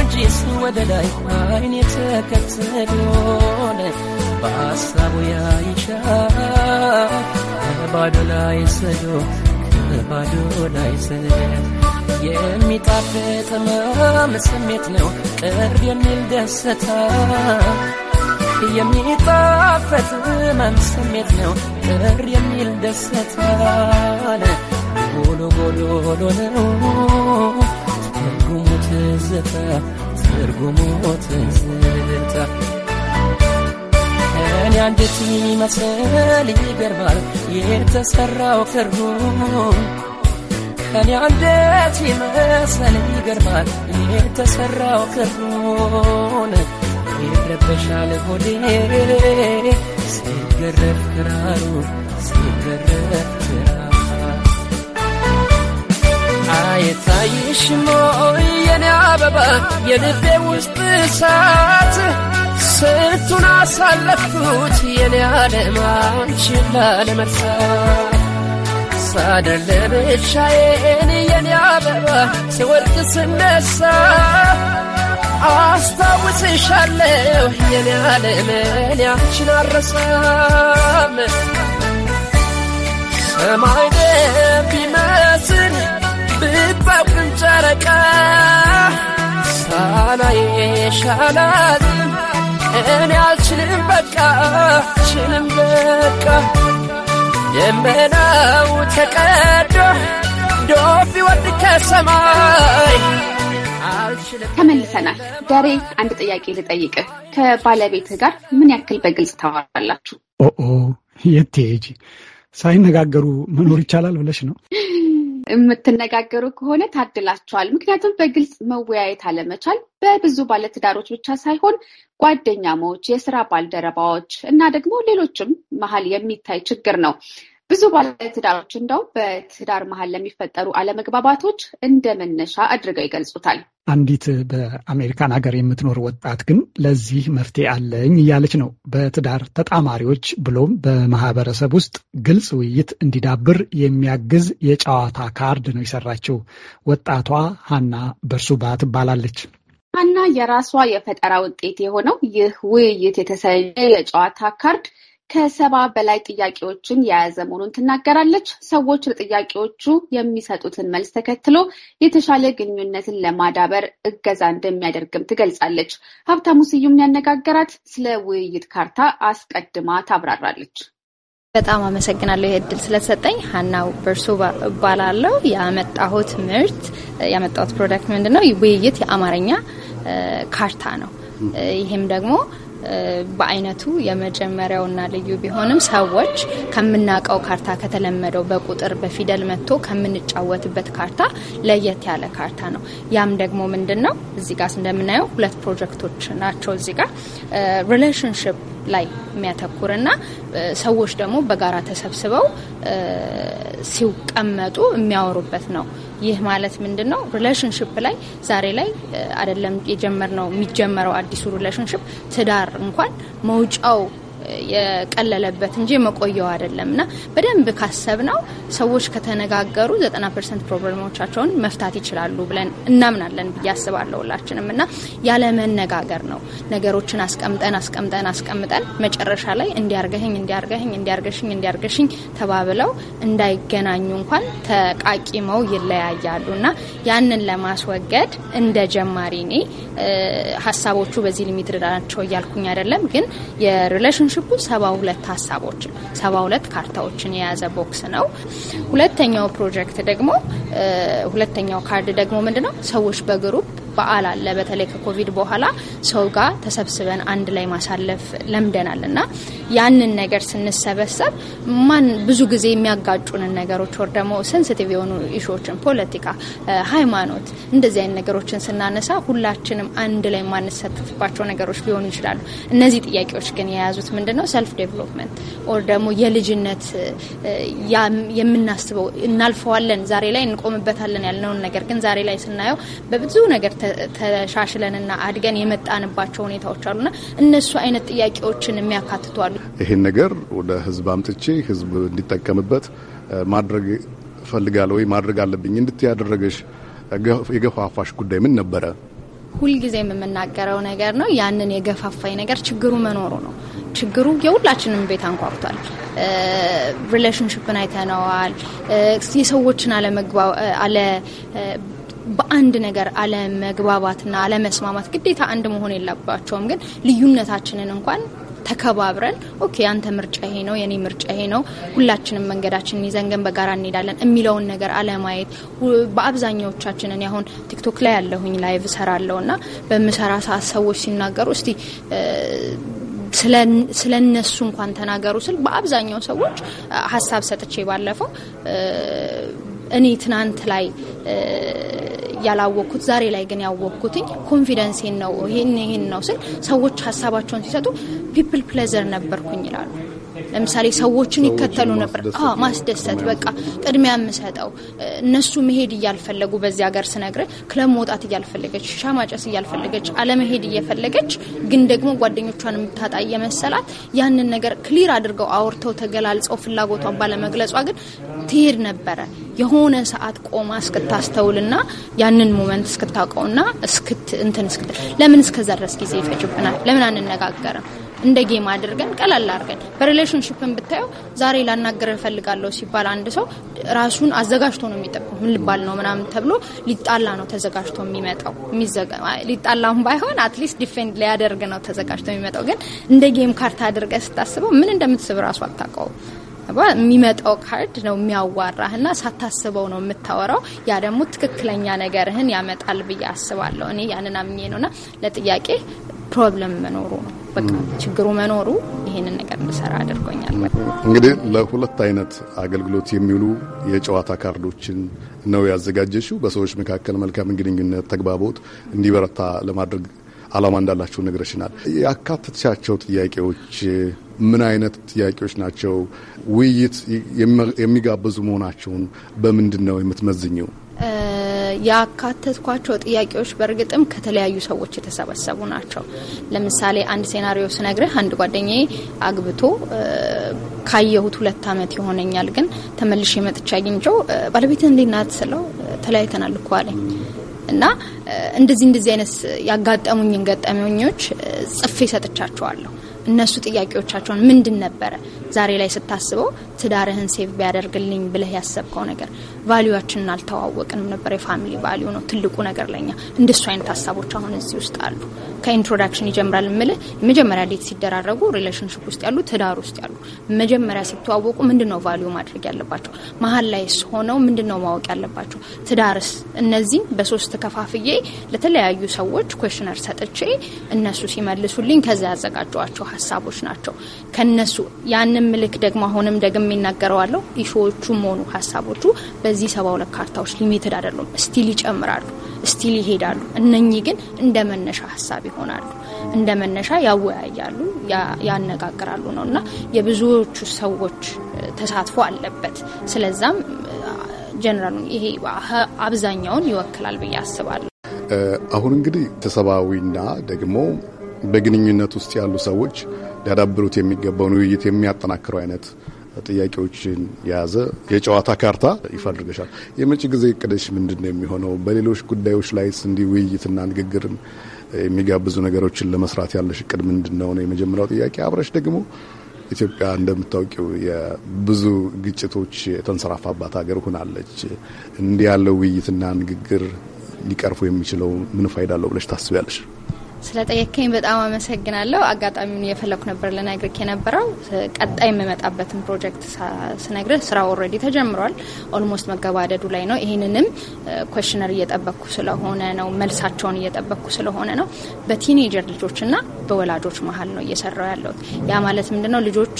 እንጂስ ወደ ላይ አይን የተከተዶን በሀሳቡ ያይሻል ባዶ ላይ ሰዶ ከባዶ ላይ ሰዶ የሚጣፍጥ ጥማም ስሜት ነው ቅር የሚል ደስታ የሚጣፈጥ ህመም ስሜት ነው ጥር የሚል ደስታለ ጎሎ ጎሎሎ ነው ትርጉሙ ትዝታ ትርጉሙ ትዝታ እኔ አንድት የሚመስል ይገርማል የተሰራው ትርጉም እኔ አንጀት ይመስል ይገርማል የተሰራው ትርጉም ይረበሻል ሆዴ ሲገረፍ ክራሩ ሲገረፍ ክራሩ አይታይሽም የኔ አበባ የልቤ ውስጥ እሳት ስንቱን አሳለፍኩት የኔ ዓለም አንቺን ላለመርሳት ሳድር ለብቻዬን የኔ አበባ ስወድቅ ስነሳ አስታውስሻለሁ የኔ ዓለም እኔ አንቺን አልረሳም። ሰማይ ቢመስል ብትጠቁም ጨረቃ ሳላይሽ እኔ አልችልም በቃ አልችልም በቃ ደመናው ተቀዶ ዶፍ ይወርድ ከሰማይ ተመልሰናል። ዳሬ አንድ ጥያቄ ልጠይቅ። ከባለቤት ጋር ምን ያክል በግልጽ ታወራላችሁ? ኦኦ የት ሂጂ ሳይነጋገሩ መኖር ይቻላል ብለሽ ነው? የምትነጋገሩ ከሆነ ታድላችኋል። ምክንያቱም በግልጽ መወያየት አለመቻል በብዙ ባለትዳሮች ብቻ ሳይሆን ጓደኛሞች፣ የስራ ባልደረባዎች እና ደግሞ ሌሎችም መሀል የሚታይ ችግር ነው። ብዙ ባለትዳሮች እንደው በትዳር መሀል ለሚፈጠሩ አለመግባባቶች እንደ መነሻ አድርገው ይገልጹታል። አንዲት በአሜሪካን ሀገር የምትኖር ወጣት ግን ለዚህ መፍትሄ አለኝ እያለች ነው። በትዳር ተጣማሪዎች ብሎም በማህበረሰብ ውስጥ ግልጽ ውይይት እንዲዳብር የሚያግዝ የጨዋታ ካርድ ነው የሰራችው። ወጣቷ ሀና በርሱባ ትባላለች። ሀና የራሷ የፈጠራ ውጤት የሆነው ይህ ውይይት የተሰኘ የጨዋታ ካርድ ከሰባ በላይ ጥያቄዎችን የያዘ መሆኑን ትናገራለች። ሰዎች ለጥያቄዎቹ የሚሰጡትን መልስ ተከትሎ የተሻለ ግንኙነትን ለማዳበር እገዛ እንደሚያደርግም ትገልጻለች። ሀብታሙ ስዩም ያነጋገራት ስለ ውይይት ካርታ አስቀድማ ታብራራለች። በጣም አመሰግናለሁ ይህ እድል ስለተሰጠኝ። ሀናው በርሶ እባላለሁ። ያመጣሁት ምርት ያመጣሁት ፕሮዳክት ምንድን ነው? ውይይት የአማርኛ ካርታ ነው። ይህም ደግሞ በአይነቱ የመጀመሪያውና ልዩ ቢሆንም ሰዎች ከምናውቀው ካርታ ከተለመደው በቁጥር በፊደል መጥቶ ከምንጫወትበት ካርታ ለየት ያለ ካርታ ነው። ያም ደግሞ ምንድን ነው? እዚህ ጋር እንደምናየው ሁለት ፕሮጀክቶች ናቸው። እዚህ ጋር ሪሌሽንሽፕ ላይ የሚያተኩር እና ሰዎች ደግሞ በጋራ ተሰብስበው ሲቀመጡ የሚያወሩበት ነው። ይህ ማለት ምንድን ነው? ሪሌሽንሽፕ ላይ ዛሬ ላይ አይደለም የጀመርነው የሚጀመረው አዲሱ ሪሌሽንሽፕ ትዳር እንኳን መውጫው የቀለለበት እንጂ መቆየው አይደለም እና በደንብ ካሰብ ነው ሰዎች ከተነጋገሩ 90 ፐርሰንት ፕሮብለሞቻቸውን መፍታት ይችላሉ ብለን እናምናለን ብዬ አስባለሁ ሁላችንም እና ያለ መነጋገር ነው ነገሮችን አስቀምጠን አስቀምጠን አስቀምጠን መጨረሻ ላይ እንዲያርገህኝ እንዲያርገህኝ እንዲያርገሽኝ እንዲያርገሽኝ ተባብለው እንዳይገናኙ እንኳን ተቃቂመው ይለያያሉ እና ያንን ለማስወገድ እንደ ጀማሪ እኔ ሀሳቦቹ በዚህ ሊሚትድ ናቸው እያልኩኝ አይደለም ግን የሪሌሽን ሻምፒዮንሽፑ ሰባ ሁለት ሀሳቦችን ሰባ ሁለት ካርታዎችን የያዘ ቦክስ ነው። ሁለተኛው ፕሮጀክት ደግሞ ሁለተኛው ካርድ ደግሞ ምንድነው ሰዎች በግሩፕ በዓል አለ። በተለይ ከኮቪድ በኋላ ሰው ጋር ተሰብስበን አንድ ላይ ማሳለፍ ለምደናል እና ያንን ነገር ስንሰበሰብ ማን ብዙ ጊዜ የሚያጋጩንን ነገሮች ወር ደግሞ ሴንስቲቭ የሆኑ ኢሹዎችን፣ ፖለቲካ፣ ሃይማኖት እንደዚህ አይነት ነገሮችን ስናነሳ ሁላችንም አንድ ላይ የማንሳተፍባቸው ነገሮች ሊሆኑ ይችላሉ። እነዚህ ጥያቄዎች ግን የያዙት ምንድነው ሰልፍ ዴቨሎፕመንት ኦር ደግሞ የልጅነት የምናስበው እናልፈዋለን። ዛሬ ላይ እንቆምበታለን ያልነውን ነገር ግን ዛሬ ላይ ስናየው በብዙ ነገር ተሻሽለንና አድገን የመጣንባቸው ሁኔታዎች አሉና እነሱ አይነት ጥያቄዎችን የሚያካትቱ አሉ። ይህን ነገር ወደ ህዝብ አምጥቼ ህዝብ እንዲጠቀምበት ማድረግ እፈልጋለሁ ወይ ማድረግ አለብኝ እንድት ያደረገሽ የገፋፋሽ ጉዳይ ምን ነበረ? ሁልጊዜ የምናገረው ነገር ነው። ያንን የገፋፋኝ ነገር ችግሩ መኖሩ ነው። ችግሩ የሁላችንም ቤት አንኳኩቷል። ሪሌሽንሽፕን አይተነዋል። የሰዎችን አለ በአንድ ነገር አለመግባባትና አለመስማማት ግዴታ አንድ መሆን የለባቸውም። ግን ልዩነታችንን እንኳን ተከባብረን ኦኬ አንተ ምርጫ ይሄ ነው የኔ ምርጫ ይሄ ነው ሁላችንም መንገዳችንን ይዘን ግን በጋራ እንሄዳለን የሚለውን ነገር አለማየት በአብዛኛዎቻችን እኔ አሁን ቲክቶክ ላይ ያለሁኝ ላይቭ እሰራለሁ እና በምሰራ ሰዓት ሰዎች ሲናገሩ እስቲ ስለ እነሱ እንኳን ተናገሩ ስል በአብዛኛው ሰዎች ሀሳብ ሰጥቼ ባለፈው እኔ ትናንት ላይ ያላወቅኩት ዛሬ ላይ ግን ያወቅኩትኝ ኮንፊደንሴን ነው። ይህን ይህን ነው ስል ሰዎች ሀሳባቸውን ሲሰጡ ፒፕል ፕሌዘር ነበርኩኝ ይላሉ። ለምሳሌ ሰዎችን ይከተሉ ነበር። ማስደሰት በቃ ቅድሚያ የምሰጠው እነሱ መሄድ እያልፈለጉ በዚህ ሀገር ስነግረ ክለብ መውጣት እያልፈለገች ሻማ ጨስ እያልፈለገች አለመሄድ እየፈለገች ግን ደግሞ ጓደኞቿን የምታጣ እየመሰላት ያንን ነገር ክሊር አድርገው አውርተው ተገላልጸው ፍላጎቷን ባለመግለጿ ግን ትሄድ ነበረ። የሆነ ሰዓት ቆማ እስክታስተውልና ያንን ሞመንት እስክታውቀውና እስክት እንትን እስክት ለምን እስከዛ ድረስ ጊዜ ይፈጅብናል? ለምን አንነጋገርም? እንደ ጌም አድርገን ቀላል አድርገን በሪሌሽንሽፕን ብታየው ዛሬ ላናገር እፈልጋለሁ ሲባል አንድ ሰው ራሱን አዘጋጅቶ ነው የሚጠቁ ምን ልባል ነው ምናምን ተብሎ ሊጣላ ነው ተዘጋጅቶ የሚመጣው። ሊጣላም ባይሆን አትሊስት ዲፌንድ ሊያደርግ ነው ተዘጋጅቶ የሚመጣው። ግን እንደ ጌም ካርታ አድርገህ ስታስበው ምን እንደምትስብ ራሱ አታውቀውም። የሚመጣው ካርድ ነው የሚያዋራህ ሳታስበው ነው የምታወራው። ያ ደግሞ ትክክለኛ ነገርህን ያመጣል ብዬ አስባለሁ። እኔ ያንን አምኜ ነውና ለጥያቄ ፕሮብለም መኖሩ ነው። በቃ ችግሩ መኖሩ ይህንን ነገር እንድሰራ አድርጎኛል። እንግዲህ ለሁለት አይነት አገልግሎት የሚውሉ የጨዋታ ካርዶችን ነው ያዘጋጀችው። በሰዎች መካከል መልካም ግንኙነት፣ ተግባቦት እንዲበረታ ለማድረግ አላማ እንዳላቸው ነግረሽናል። ያካተትሻቸው ጥያቄዎች ምን አይነት ጥያቄዎች ናቸው? ውይይት የሚጋብዙ መሆናቸውን በምንድን ነው የምትመዝኘው? ያካተትኳቸው ጥያቄዎች በእርግጥም ከተለያዩ ሰዎች የተሰበሰቡ ናቸው። ለምሳሌ አንድ ሴናሪዮ ስነግርህ አንድ ጓደኛዬ አግብቶ ካየሁት ሁለት ዓመት ይሆነኛል፣ ግን ተመልሼ መጥቼ አግኝቼው ባለቤትን እንዴት ናት ስለው ተለያይተናል እኮ አለኝ እና እንደዚህ እንደዚህ አይነት ያጋጠሙኝን ገጠመኞች ጽፌ ሰጥቻቸዋለሁ። እነሱ ጥያቄዎቻቸውን ምንድን ነበረ ዛሬ ላይ ስታስበው ትዳርህን ሴቭ ቢያደርግልኝ ብለህ ያሰብከው ነገር ቫሊዋችንን አልተዋወቅንም ነበር። የፋሚሊ ቫሊዩ ነው ትልቁ ነገር ለኛ። እንደሱ አይነት ሀሳቦች አሁን እዚህ ውስጥ አሉ። ከኢንትሮዳክሽን ይጀምራል ምልህ የመጀመሪያ ዴት ሲደራረጉ ሪሌሽንሽፕ ውስጥ ያሉ ትዳር ውስጥ ያሉ መጀመሪያ ሲተዋወቁ ምንድን ነው ቫሊዩ ማድረግ ያለባቸው፣ መሀል ላይ ሆነው ምንድን ነው ማወቅ ያለባቸው፣ ትዳርስ። እነዚህ በሶስት ከፋፍዬ ለተለያዩ ሰዎች ኮሽነር ሰጥቼ እነሱ ሲመልሱልኝ ከዚያ ያዘጋጀዋቸው ሀሳቦች ናቸው። ከነሱ ያንን ምልክ ደግሞ አሁንም ደግሜ ይናገረዋለሁ። ኢሹዎቹም ሆኑ ሀሳቦቹ በዚህ ሰባ ሁለት ካርታዎች ሊሚትድ አይደሉም። ስቲል ይጨምራሉ፣ ስቲል ይሄዳሉ። እነኚህ ግን እንደ መነሻ ሀሳብ ይሆናሉ፣ እንደ መነሻ ያወያያሉ፣ ያነጋግራሉ ነው እና የብዙዎቹ ሰዎች ተሳትፎ አለበት። ስለዛም ጀነራሉ ይሄ አብዛኛውን ይወክላል ብዬ አስባለሁ። አሁን እንግዲህ ተሰባዊና ደግሞ በግንኙነት ውስጥ ያሉ ሰዎች ሊያዳብሩት የሚገባውን ውይይት የሚያጠናክሩ አይነት ጥያቄዎችን የያዘ የጨዋታ ካርታ ይፈልገሻል። የመጪ ጊዜ እቅደሽ ምንድን ነው የሚሆነው? በሌሎች ጉዳዮች ላይ እንዲህ ውይይትና ንግግርን የሚጋብዙ ነገሮችን ለመስራት ያለሽ እቅድ ምንድን ነው ነው የመጀመሪያው ጥያቄ። አብረሽ ደግሞ ኢትዮጵያ እንደምታውቂው የብዙ ግጭቶች የተንሰራፋባት ሀገር ሆናለች። እንዲህ ያለው ውይይትና ንግግር ሊቀርፉ የሚችለው ምን ፋይዳ አለው ብለሽ ታስቢያለሽ? ስለጠየከኝ በጣም አመሰግናለሁ። አጋጣሚውን እየፈለኩ ነበር ልነግርክ የነበረው። ቀጣይ የምመጣበትን ፕሮጀክት ስነግር ስራ ኦልሬዲ ተጀምሯል። ኦልሞስት መገባደዱ ላይ ነው። ይህንንም ኮሽነር እየጠበቅኩ ስለሆነ ነው፣ መልሳቸውን እየጠበቅኩ ስለሆነ ነው። በቲኔጀር ልጆችና በወላጆች መሀል ነው እየሰራው ያለሁት። ያ ማለት ምንድነው ልጆች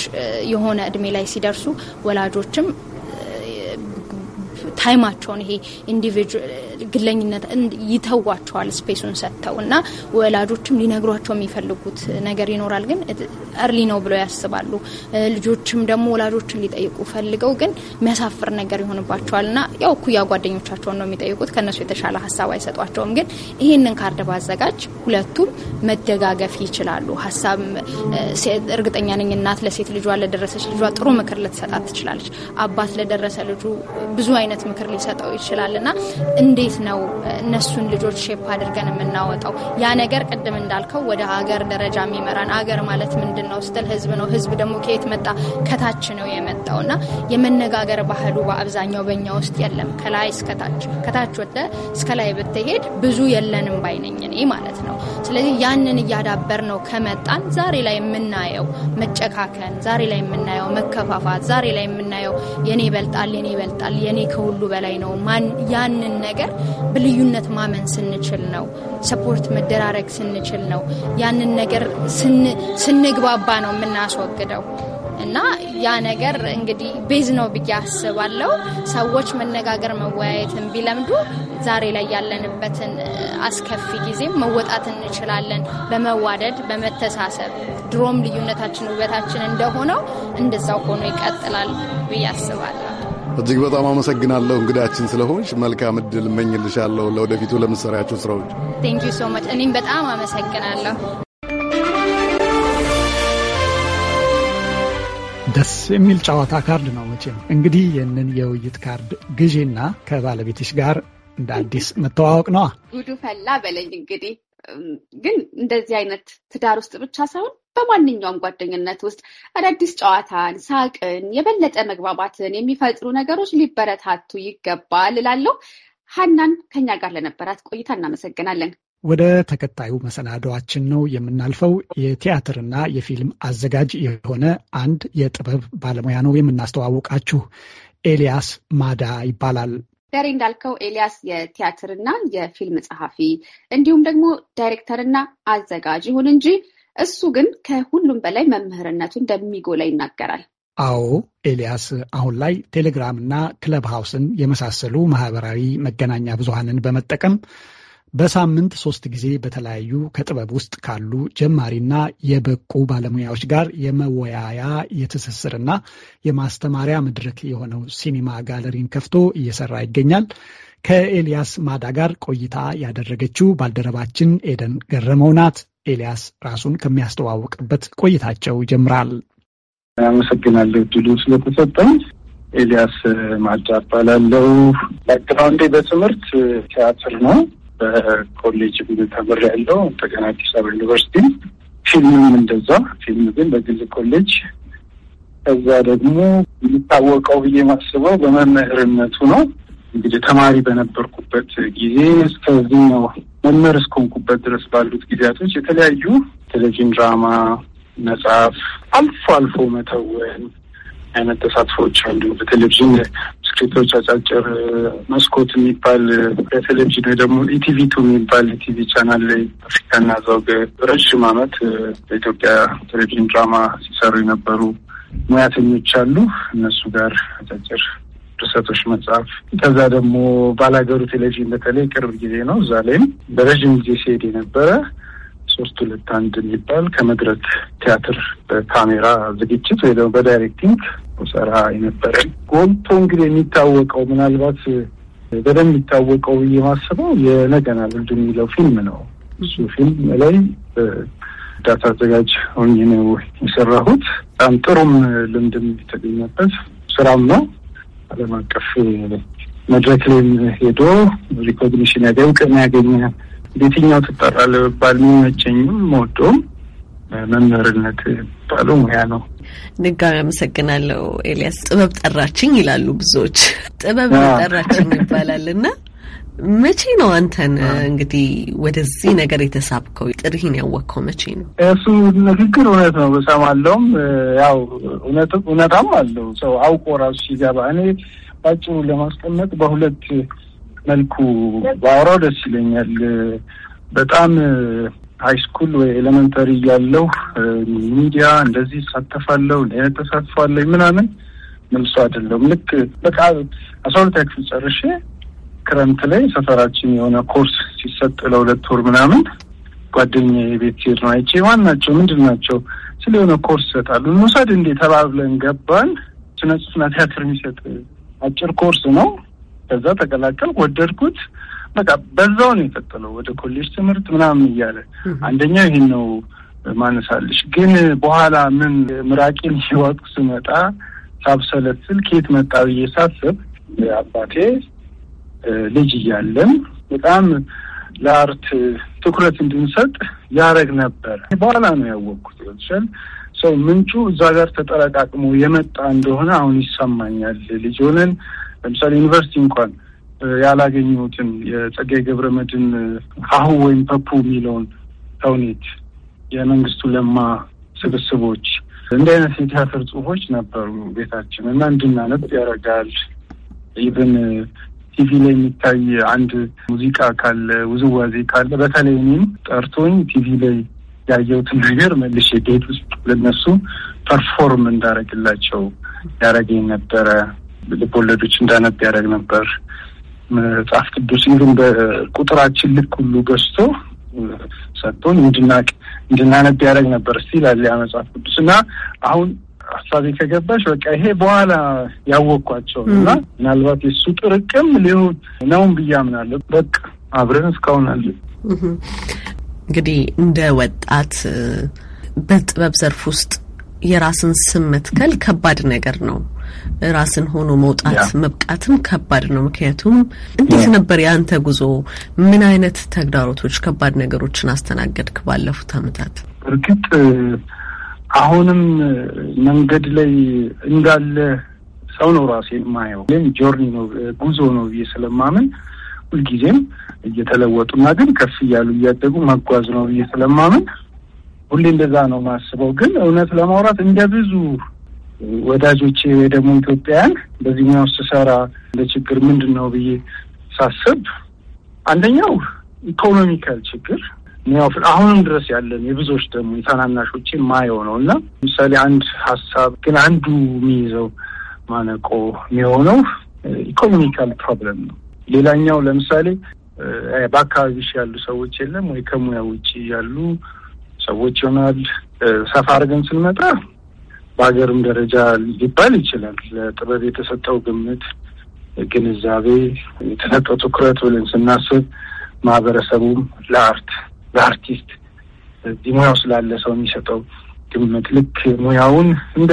የሆነ እድሜ ላይ ሲደርሱ ወላጆችም ታይማቸውን ይሄ ኢንዲቪጁዋል ግለኝነት ይተዋቸዋል ስፔሱን ሰጥተው እና ወላጆችም ሊነግሯቸው የሚፈልጉት ነገር ይኖራል፣ ግን እርሊ ነው ብለው ያስባሉ። ልጆችም ደግሞ ወላጆችን ሊጠይቁ ፈልገው ግን የሚያሳፍር ነገር ይሆንባቸዋል እና ያው እኩያ ጓደኞቻቸውን ነው የሚጠይቁት። ከእነሱ የተሻለ ሀሳብ አይሰጧቸውም። ግን ይህንን ካርድ ባዘጋጅ ሁለቱም መደጋገፍ ይችላሉ። ሀሳብ እርግጠኛ ነኝ እናት ለሴት ልጇ ለደረሰች ልጇ ጥሩ ምክር ልትሰጣት ትችላለች። አባት ለደረሰ ልጁ ብዙ አይነት ምክር ሊሰጠው ይችላል እና እንዴት ነው እነሱን ልጆች ሼፕ አድርገን የምናወጣው? ያ ነገር ቅድም እንዳልከው ወደ ሀገር ደረጃ የሚመራን ሀገር ማለት ምንድን ነው ስትል ህዝብ ነው። ህዝብ ደግሞ ከየት መጣ? ከታች ነው የመጣው እና የመነጋገር ባህሉ በአብዛኛው በእኛ ውስጥ የለም። ከላይ እስከታች ከታች ወደ እስከ ላይ ብትሄድ ብዙ የለንም ባይነኝ እኔ ማለት ነው። ስለዚህ ያንን እያዳበር ነው ከመጣን ዛሬ ላይ የምናየው መጨካከን፣ ዛሬ ላይ የምናየው መከፋፋት፣ ዛሬ ላይ የምናየው የኔ ይበልጣል፣ የኔ ይበልጣል፣ የኔ ከሁሉ ከሁሉ በላይ ነው። ያንን ነገር በልዩነት ማመን ስንችል ነው። ሰፖርት መደራረግ ስንችል ነው። ያንን ነገር ስንግባባ ነው የምናስወግደው። እና ያ ነገር እንግዲህ ቤዝ ነው ብዬ አስባለሁ። ሰዎች መነጋገር መወያየትን ቢለምዱ ዛሬ ላይ ያለንበትን አስከፊ ጊዜ መወጣት እንችላለን። በመዋደድ በመተሳሰብ ድሮም ልዩነታችን ውበታችን እንደሆነው እንደዛው ሆኖ ይቀጥላል ብዬ አስባለሁ። እጅግ በጣም አመሰግናለሁ እንግዳችን ስለሆንሽ። መልካም እድል እመኝልሻለሁ ለወደፊቱ ለምትሰሪያቸው ስራዎች። ቴንክ ዩ ሶ ማች። እኔም በጣም አመሰግናለሁ። ደስ የሚል ጨዋታ ካርድ ነው መቼም። እንግዲህ ይህንን የውይይት ካርድ ግዢና ከባለቤትሽ ጋር እንደ አዲስ መተዋወቅ ነዋ። ጉዱ ፈላ በለኝ። እንግዲህ ግን እንደዚህ አይነት ትዳር ውስጥ ብቻ ሳይሆን በማንኛውም ጓደኝነት ውስጥ አዳዲስ ጨዋታን፣ ሳቅን፣ የበለጠ መግባባትን የሚፈጥሩ ነገሮች ሊበረታቱ ይገባል እላለሁ። ሀናን ከኛ ጋር ለነበራት ቆይታ እናመሰግናለን። ወደ ተከታዩ መሰናዶዋችን ነው የምናልፈው። የቲያትርና የፊልም አዘጋጅ የሆነ አንድ የጥበብ ባለሙያ ነው የምናስተዋውቃችሁ። ኤልያስ ማዳ ይባላል። ደሬ እንዳልከው ኤልያስ የቲያትርና የፊልም ጸሐፊ እንዲሁም ደግሞ ዳይሬክተርና አዘጋጅ ይሁን እንጂ እሱ ግን ከሁሉም በላይ መምህርነቱ እንደሚጎላ ይናገራል። አዎ ኤልያስ፣ አሁን ላይ ቴሌግራም እና ክለብ ሃውስን የመሳሰሉ ማህበራዊ መገናኛ ብዙሃንን በመጠቀም በሳምንት ሶስት ጊዜ በተለያዩ ከጥበብ ውስጥ ካሉ ጀማሪና የበቁ ባለሙያዎች ጋር የመወያያ የትስስርና የማስተማሪያ መድረክ የሆነው ሲኒማ ጋለሪን ከፍቶ እየሰራ ይገኛል። ከኤልያስ ማዳ ጋር ቆይታ ያደረገችው ባልደረባችን ኤደን ገረመው ናት። ኤልያስ ራሱን ከሚያስተዋውቅበት ቆይታቸው ይጀምራል። አመሰግናለሁ ድሉ ስለተሰጠኝ። ኤልያስ ማዳ እባላለሁ። ባክግራውንዴ በትምህርት ቲያትር ነው። በኮሌጅ ተምሬያለሁ። እንደገና አዲስ አበባ ዩኒቨርሲቲ ፊልምም እንደዛ ፊልም ግን በግል ኮሌጅ። ከዛ ደግሞ የሚታወቀው ብዬ ማስበው በመምህርነቱ ነው። እንግዲህ ተማሪ በነበርኩበት ጊዜ እስከዚህኛው መምህር እስከሆንኩበት ድረስ ባሉት ጊዜያቶች የተለያዩ ቴሌቪዥን ድራማ፣ መጽሐፍ፣ አልፎ አልፎ መተወን አይነት ተሳትፎዎች አሉ። በቴሌቪዥን ስክሪፕቶች አጫጭር መስኮት የሚባል በቴሌቪዥን ወይ ደግሞ ኢቲቪ ቱ የሚባል ኢቲቪ ቻናል ላይ አፍሪካና ዘውግ ረዥም ዓመት በኢትዮጵያ ቴሌቪዥን ድራማ ሲሰሩ የነበሩ ሙያተኞች አሉ። እነሱ ጋር አጫጭር ድርሰቶች መጽሐፍ፣ ከዛ ደግሞ ባላገሩ ቴሌቪዥን በተለይ ቅርብ ጊዜ ነው። እዛ ላይም በረዥም ጊዜ ሲሄድ የነበረ ሶስት ሁለት አንድ የሚባል ከመድረክ ቲያትር በካሜራ ዝግጅት ወይ ደግሞ በዳይሬክቲንግ ሰራ የነበረ ጎልቶ እንግዲህ የሚታወቀው ምናልባት በደንብ የሚታወቀው ብዬ ማስበው የነገና ልዱ የሚለው ፊልም ነው። እሱ ፊልም ላይ ዳታ አዘጋጅ ሆኜ ነው የሰራሁት። በጣም ጥሩም ልምድም የተገኘበት ስራም ነው። ዓለም አቀፍ መድረክ ላይም ሄዶ ሪኮግኒሽን ያገ እውቅና ያገኘ ቤትኛው ትጠራለህ ባል የሚመቸኝም መወደውም መምህርነት ባሉ ሙያ ነው። ድጋሚ አመሰግናለሁ ኤልያስ። ጥበብ ጠራችኝ ይላሉ ብዙዎች። ጥበብ ጠራችኝ ይባላል እና መቼ ነው አንተን እንግዲህ ወደዚህ ነገር የተሳብከው? ጥሪህን ያወቅከው መቼ ነው? እሱ ንግግር እውነት ነው እሰማለሁም፣ ያው እውነታም አለው። ሰው አውቆ ራሱ ሲገባ እኔ ባጭሩ ለማስቀመጥ በሁለት መልኩ ባወራው ደስ ይለኛል። በጣም ሃይስኩል ወይ ኤሌመንተሪ እያለሁ ሚዲያ እንደዚህ እሳተፋለሁ ተሳትፏለኝ ምናምን መልሶ አይደለም ልክ በቃ አስራ ሁለተኛ ክፍል ጨርሼ ክረምት ላይ ሰፈራችን የሆነ ኮርስ ሲሰጥ ለሁለት ወር ምናምን ጓደኛ የቤት ሄድ ነው አይቼ ማን ናቸው ምንድን ናቸው ስለ የሆነ ኮርስ ይሰጣሉ እንውሰድ እንዴ ተባብለን ገባን። ስነ ጽሁፍና ቲያትር የሚሰጥ አጭር ኮርስ ነው። ከዛ ተቀላቀል ወደድኩት። በቃ በዛው ነው የቀጠለው ወደ ኮሌጅ ትምህርት ምናምን እያለ አንደኛ ይህን ነው ማነሳለሽ። ግን በኋላ ምን ምራቄን ሲዋጡ ስመጣ ሳብሰለስል ከየት መጣ ብዬ ሳስብ አባቴ ልጅ እያለን በጣም ለአርት ትኩረት እንድንሰጥ ያደረግ ነበር። በኋላ ነው ያወቅኩት ይችላል ሰው ምንጩ እዛ ጋር ተጠረቃቅሞ የመጣ እንደሆነ አሁን ይሰማኛል። ልጅ ሆነን ለምሳሌ ዩኒቨርሲቲ እንኳን ያላገኘሁትን የጸጋዬ ገብረመድህን ሀሁ ወይም ፐፑ የሚለውን ተውኔት የመንግስቱ ለማ ስብስቦች እንዲህ አይነት የቲያትር ጽሁፎች ነበሩ ቤታችን እና እንድናነብ ያደርጋል። ይብን ቲቪ ላይ የሚታይ አንድ ሙዚቃ ካለ ውዝዋዜ ካለ በተለይ እኔም ጠርቶኝ ቲቪ ላይ ያየሁትን ነገር መልሼ ቤት ውስጥ ለነሱ ፐርፎርም እንዳረግላቸው ያረገኝ ነበረ። ልቦለዶች እንዳነብ ያደረግ ነበር። መጽሐፍ ቅዱስ እንዲሁም በቁጥራችን ልክ ሁሉ ገዝቶ ሰጥቶን እንድናቅ እንድናነብ ያደረግ ነበር። እስቲ ላለ መጽሐፍ ቅዱስ እና አሁን ሀሳቤ ከገባሽ በቃ ይሄ በኋላ ያወቅኳቸው እና ምናልባት የሱ ጥርቅም ሊሆን ነውን ብዬ አምናለሁ። በቃ አብረን እስካሁን አለ። እንግዲህ እንደ ወጣት በጥበብ ዘርፍ ውስጥ የራስን ስም መትከል ከባድ ነገር ነው። ራስን ሆኖ መውጣት መብቃትም ከባድ ነው። ምክንያቱም እንዴት ነበር የአንተ ጉዞ? ምን አይነት ተግዳሮቶች፣ ከባድ ነገሮችን አስተናገድክ ባለፉት አመታት? እርግጥ አሁንም መንገድ ላይ እንዳለ ሰው ነው ራሴ የማየው። ግን ጆርኒ ነው ጉዞ ነው ብዬ ስለማምን ሁልጊዜም እየተለወጡና ግን ከፍ እያሉ እያደጉ መጓዝ ነው ብዬ ስለማምን ሁሌ እንደዛ ነው ማስበው። ግን እውነት ለማውራት እንደ ብዙ ወዳጆቼ ወይ ደግሞ ኢትዮጵያውያን በዚህ ሙያ ውስጥ ስሰራ እንደ ችግር ምንድን ነው ብዬ ሳስብ አንደኛው ኢኮኖሚካል ችግር ያው አሁንም ድረስ ያለን የብዙዎች ደግሞ የታናናሾች ማየው ነው እና ምሳሌ አንድ ሀሳብ ግን አንዱ የሚይዘው ማነቆ የሚሆነው ኢኮኖሚካል ፕሮብለም ነው። ሌላኛው ለምሳሌ በአካባቢሽ ያሉ ሰዎች የለም ወይ ከሙያ ውጭ ያሉ ሰዎች ይሆናል። ሰፋ አድርገን ስንመጣ በሀገርም ደረጃ ሊባል ይችላል ለጥበብ የተሰጠው ግምት፣ ግንዛቤ የተሰጠው ትኩረት ብለን ስናስብ ማህበረሰቡም ለአርት ለአርቲስት እዚህ ሙያው ስላለ ሰው የሚሰጠው ግምት ልክ ሙያውን እንደ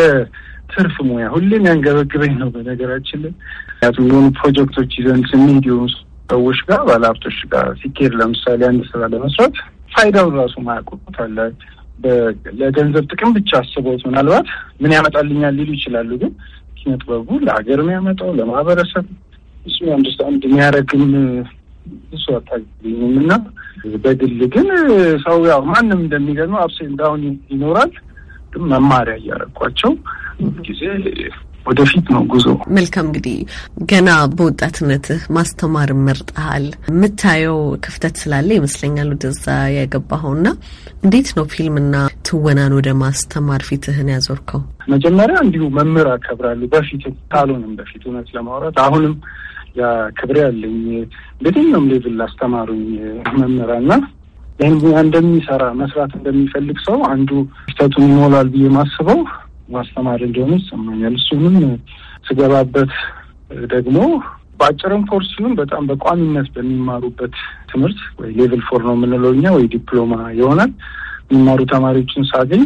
ትርፍ ሙያ ሁሌም ያንገበግበኝ ነው። በነገራችን ላይ ምክንያቱም የሆኑ ፕሮጀክቶች ይዘን ስንሄድ የሆኑ ሰዎች ጋር ባለሀብቶች ጋር ሲኬድ ለምሳሌ አንድ ስራ ለመስራት ፋይዳውን ራሱ ማያቆቁታለ ለገንዘብ ጥቅም ብቻ አስበውት ምናልባት ምን ያመጣልኛል ሊሉ ይችላሉ። ግን ኪነጥበቡ ለሀገር የሚያመጣው ለማህበረሰብ እሱ አንድ አንድ የሚያደርግም እሱ አታገኝም እና በግል ግን ሰው ያው ማንም እንደሚገርመው አፕስ ዳውን ይኖራል። መማሪያ እያረኳቸው ጊዜ ወደፊት ነው ጉዞ። መልካም እንግዲህ ገና በወጣትነትህ ማስተማር መርጠሃል። የምታየው ክፍተት ስላለ ይመስለኛል ወደዛ ያገባኸውና እንዴት ነው ፊልምና ትወናን ወደ ማስተማር ፊትህን ያዞርከው? መጀመሪያ እንዲሁ መምህር አከብራለሁ። በፊት ካልሆንም በፊት እውነት ለማውራት አሁንም ክብር ያለኝ በየትኛውም ሌቭል አስተማሩኝ መምህራንና ይህን ሙያ እንደሚሰራ መስራት እንደሚፈልግ ሰው አንዱ ክፍተቱን ይሞላል ብዬ ማስበው ማስተማር እንደሆነ ይሰማኛል። እሱንም ስገባበት ደግሞ በአጭርም ኮርስ ሲሆን በጣም በቋሚነት በሚማሩበት ትምህርት ወይ ሌቭል ፎር ነው የምንለው እኛ ወይ ዲፕሎማ ይሆናል የሚማሩ ተማሪዎችን ሳገኝ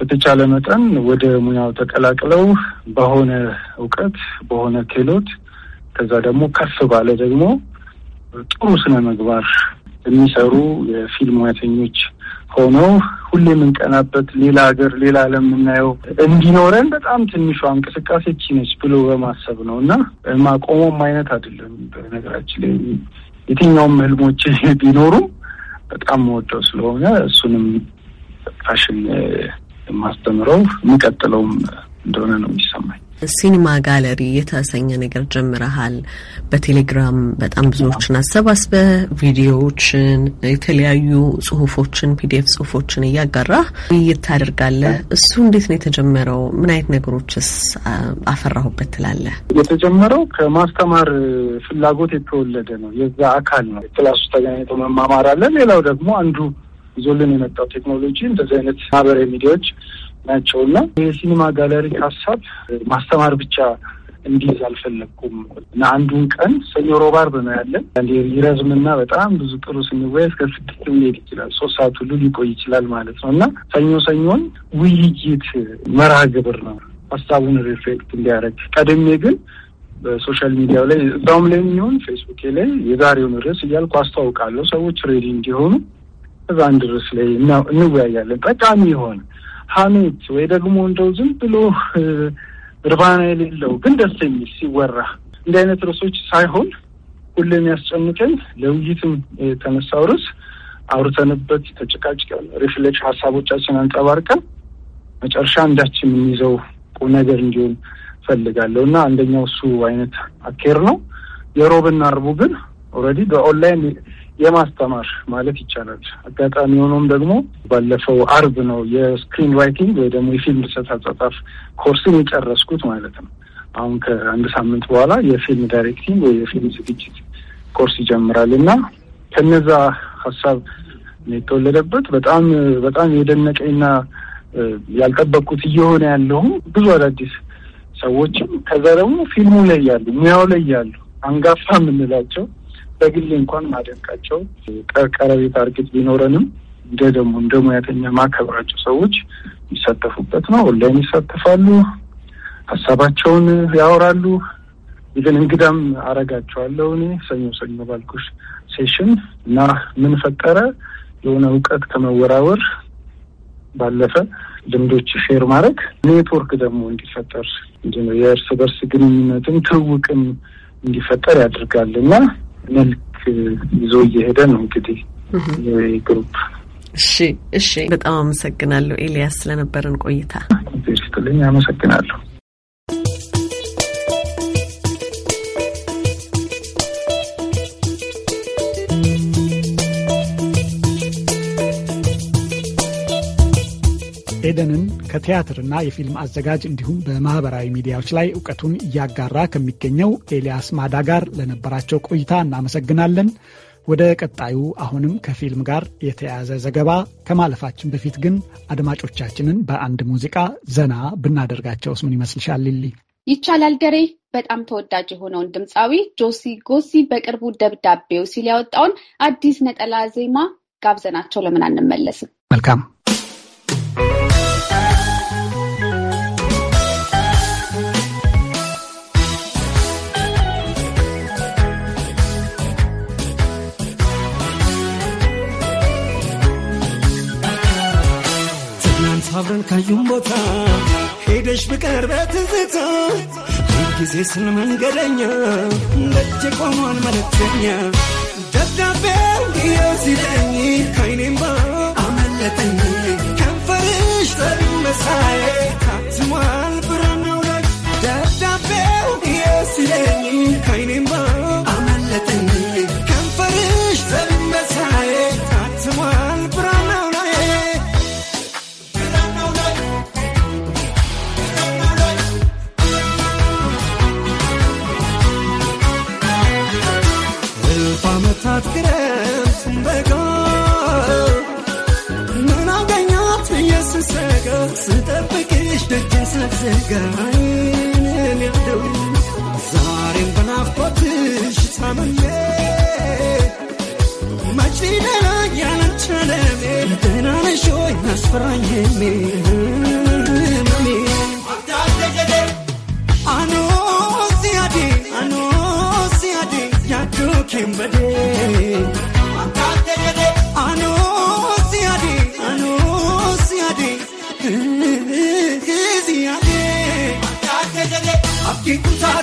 በተቻለ መጠን ወደ ሙያው ተቀላቅለው በሆነ እውቀት በሆነ ክህሎት ከዛ ደግሞ ከፍ ባለ ደግሞ ጥሩ ስነ ምግባር የሚሰሩ የፊልም ሙያተኞች ሆነው ሁሌ የምንቀናበት ሌላ ሀገር ሌላ ዓለም የምናየው እንዲኖረን በጣም ትንሿ እንቅስቃሴ እቺ ነች ብሎ በማሰብ ነው እና ማቆሞም አይነት አይደለም። በነገራችን ላይ የትኛውም ህልሞች ቢኖሩ በጣም መወደው ስለሆነ እሱንም ፋሽን የማስተምረው የሚቀጥለውም እንደሆነ ነው የሚሰማኝ። ሲኒማ ጋለሪ የተሰኘ ነገር ጀምረሃል። በቴሌግራም በጣም ብዙዎችን አሰባስበ ቪዲዮዎችን፣ የተለያዩ ጽሁፎችን፣ ፒዲኤፍ ጽሁፎችን እያጋራ ውይይት ታደርጋለ እሱ እንዴት ነው የተጀመረው? ምን አይነት ነገሮችስ አፈራሁበት ትላለ? የተጀመረው ከማስተማር ፍላጎት የተወለደ ነው። የዛ አካል ነው። ክላሱ ተገናኝቶ መማማር አለ። ሌላው ደግሞ አንዱ ይዞልን የመጣው ቴክኖሎጂ እንደዚህ አይነት ማህበራዊ ሚዲያዎች ናቸው እና የሲኒማ ጋለሪ ሀሳብ ማስተማር ብቻ እንዲይዝ አልፈለግኩም እና አንዱን ቀን ሰኞ ሮብ ዓርብ ነው ያለን። ይረዝምና በጣም ብዙ ጥሩ ስንወይ እስከ ስድስት ሊሄድ ይችላል። ሶስት ሰዓት ሁሉ ሊቆይ ይችላል ማለት ነው እና ሰኞ ሰኞን ውይይት መርሃ ግብር ነው ሀሳቡን ሪፍሌክት እንዲያደረግ ቀደሜ ግን በሶሻል ሚዲያው ላይ እዛውም ላይ የሚሆን ፌስቡኬ ላይ የዛሬውን ርዕስ እያልኩ አስተዋውቃለሁ ሰዎች ሬዲ እንዲሆኑ። እዛ አንድ ርዕስ ላይ እንወያያለን ጠቃሚ የሆነ ሐሜት ወይ ደግሞ እንደው ዝም ብሎ እርባና የሌለው ግን ደስ የሚል ሲወራ እንዲህ አይነት ርዕሶች ሳይሆን ሁሌ የሚያስጨምቀን ለውይይትም የተነሳው ርዕስ አውርተንበት ተጨቃጭቀን ሪፍሌክሽን ሀሳቦቻችን አንጸባርቀን መጨረሻ እንዳች የምንይዘው ቁም ነገር እንዲሆን ፈልጋለሁ እና አንደኛው እሱ አይነት አኬር ነው። የሮብና አርቡ ግን ኦልሬዲ በኦንላይን የማስተማር ማለት ይቻላል። አጋጣሚ የሆነውም ደግሞ ባለፈው አርብ ነው የስክሪን ራይቲንግ ወይ ደግሞ የፊልም ድርሰት አጻጻፍ ኮርስን የጨረስኩት ማለት ነው። አሁን ከአንድ ሳምንት በኋላ የፊልም ዳይሬክቲንግ ወይ የፊልም ዝግጅት ኮርስ ይጀምራል እና ከነዛ ሀሳብ የተወለደበት በጣም በጣም የደነቀኝና ያልጠበቅኩት እየሆነ ያለውም ብዙ አዳዲስ ሰዎችም ከዛ ደግሞ ፊልሙ ላይ ያሉ ሙያው ላይ ያሉ አንጋፋ የምንላቸው በግሌ እንኳን ማደንቃቸው ቀረቤታ እርግጥ ቢኖረንም እንደ ደግሞ እንደ ሙያተኛ ማከብራቸው ሰዎች ይሳተፉበት ነው። ኦንላይን ይሳተፋሉ፣ ሀሳባቸውን ያወራሉ። ግን እንግዳም አረጋቸዋለሁ እኔ ሰኞ ሰኞ ባልኩሽ ሴሽን እና ምን ፈጠረ የሆነ እውቀት ከመወራወር ባለፈ ልምዶች ሼር ማድረግ ኔትወርክ ደግሞ እንዲፈጠር እንዲ የእርስ በርስ ግንኙነትን ትውውቅን እንዲፈጠር ያደርጋል እና መልክ ይዞ እየሄደ ነው እንግዲህ ግሩፕ። እሺ፣ እሺ። በጣም አመሰግናለሁ ኤልያስ ስለነበረን ቆይታ። ስጥልኝ አመሰግናለሁ። ኤደንን ከቲያትርና የፊልም አዘጋጅ እንዲሁም በማህበራዊ ሚዲያዎች ላይ እውቀቱን እያጋራ ከሚገኘው ኤልያስ ማዳ ጋር ለነበራቸው ቆይታ እናመሰግናለን። ወደ ቀጣዩ አሁንም ከፊልም ጋር የተያያዘ ዘገባ ከማለፋችን በፊት ግን አድማጮቻችንን በአንድ ሙዚቃ ዘና ብናደርጋቸውስ ምን ይመስልሻል? ሊሊ ይቻላል ገሬ በጣም ተወዳጅ የሆነውን ድምፃዊ ጆሲ ጎሲ በቅርቡ ደብዳቤው ሲል ያወጣውን አዲስ ነጠላ ዜማ ጋብዘናቸው ለምን አንመለስም? መልካም አብረን ካዩም ቦታ ሄደሽ ብቀር በትዝታ ጊዜ ስል መንገደኛ ደጅ ቆሟል መለተኛ ደብዳቤ የዚለኝ ከይኔማ አመለጠኝ ከንፈርሽ ጠሪ መሳይ ታትሟል ብራናው ላይ ደብዳቤ እንዲያዝልኝ ከይኔማ አመለጠኝ ያዘጋኝን ያለው ዛሬም በናፍቆትሽ ታምሜ መቼ ደህና ያለች አለሜ ደህና ነሽ ወይ አስፈራኝ አኖ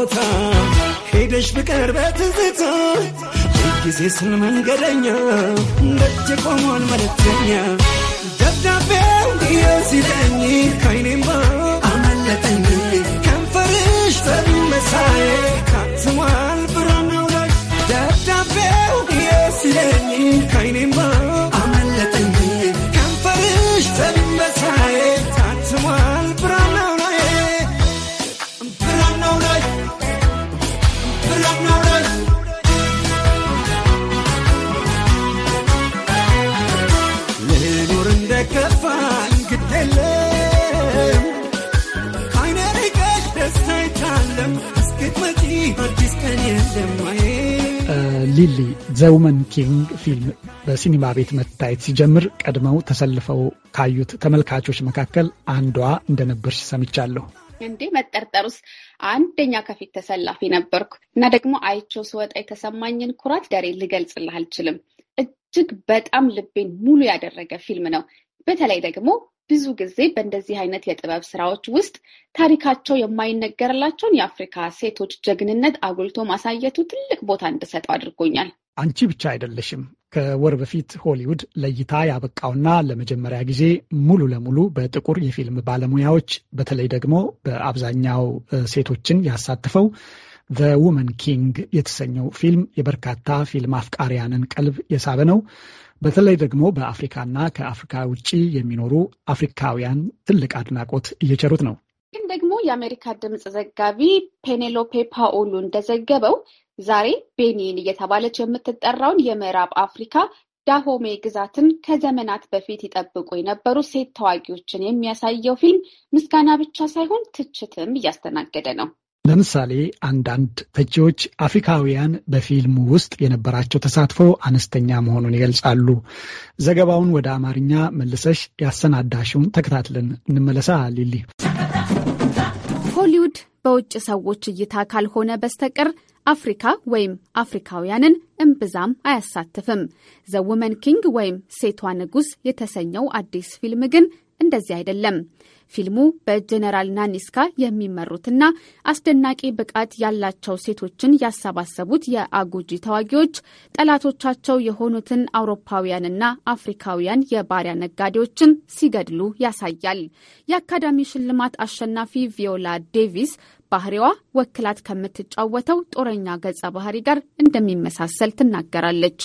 ቦታ ሄደሽ ብቀር በትዝታ ጊዜ ስን መንገደኛ እንደጅ ቆሟል መለተኛ ደብዳቤው የሲለኝ ከይኔማ አመለጠኝ ከንፈርሽ ተመሳዬ ካትሟል ብራናውላች ደብዳቤው ሊሊ ዘውመን ኪንግ ፊልም በሲኒማ ቤት መታየት ሲጀምር ቀድመው ተሰልፈው ካዩት ተመልካቾች መካከል አንዷ እንደነበርሽ ሰምቻለሁ። እንዴ መጠርጠሩስ! አንደኛ ከፊት ተሰላፊ ነበርኩ እና ደግሞ አይቼው ስወጣ የተሰማኝን ኩራት ዳሬ ልገልጽልህ አልችልም። እጅግ በጣም ልቤን ሙሉ ያደረገ ፊልም ነው። በተለይ ደግሞ ብዙ ጊዜ በእንደዚህ አይነት የጥበብ ስራዎች ውስጥ ታሪካቸው የማይነገርላቸውን የአፍሪካ ሴቶች ጀግንነት አጉልቶ ማሳየቱ ትልቅ ቦታ እንድሰጠው አድርጎኛል። አንቺ ብቻ አይደለሽም። ከወር በፊት ሆሊውድ ለእይታ ያበቃውና ለመጀመሪያ ጊዜ ሙሉ ለሙሉ በጥቁር የፊልም ባለሙያዎች በተለይ ደግሞ በአብዛኛው ሴቶችን ያሳተፈው ዘ ውመን ኪንግ የተሰኘው ፊልም የበርካታ ፊልም አፍቃሪያንን ቀልብ የሳበ ነው። በተለይ ደግሞ በአፍሪካና ከአፍሪካ ውጭ የሚኖሩ አፍሪካውያን ትልቅ አድናቆት እየቸሩት ነው። ግን ደግሞ የአሜሪካ ድምፅ ዘጋቢ ፔኔሎፔ ፓኦሉ እንደዘገበው ዛሬ ቤኒን እየተባለች የምትጠራውን የምዕራብ አፍሪካ ዳሆሜ ግዛትን ከዘመናት በፊት ይጠብቁ የነበሩ ሴት ተዋጊዎችን የሚያሳየው ፊልም ምስጋና ብቻ ሳይሆን ትችትም እያስተናገደ ነው። ለምሳሌ አንዳንድ ተቺዎች አፍሪካውያን በፊልሙ ውስጥ የነበራቸው ተሳትፎ አነስተኛ መሆኑን ይገልጻሉ። ዘገባውን ወደ አማርኛ መልሰሽ ያሰናዳሽውን ተከታትለን እንመለሳ። ሊሊ ሆሊውድ በውጭ ሰዎች እይታ ካልሆነ በስተቀር አፍሪካ ወይም አፍሪካውያንን እምብዛም አያሳትፍም። ዘ ውመን ኪንግ ወይም ሴቷ ንጉሥ የተሰኘው አዲስ ፊልም ግን እንደዚህ አይደለም። ፊልሙ በጀነራል ናኒስካ የሚመሩትና አስደናቂ ብቃት ያላቸው ሴቶችን ያሰባሰቡት የአጉጂ ተዋጊዎች ጠላቶቻቸው የሆኑትን አውሮፓውያንና አፍሪካውያን የባሪያ ነጋዴዎችን ሲገድሉ ያሳያል። የአካዳሚ ሽልማት አሸናፊ ቪዮላ ዴቪስ ባህሪዋ ወክላት ከምትጫወተው ጦረኛ ገጸ ባህሪ ጋር እንደሚመሳሰል ትናገራለች።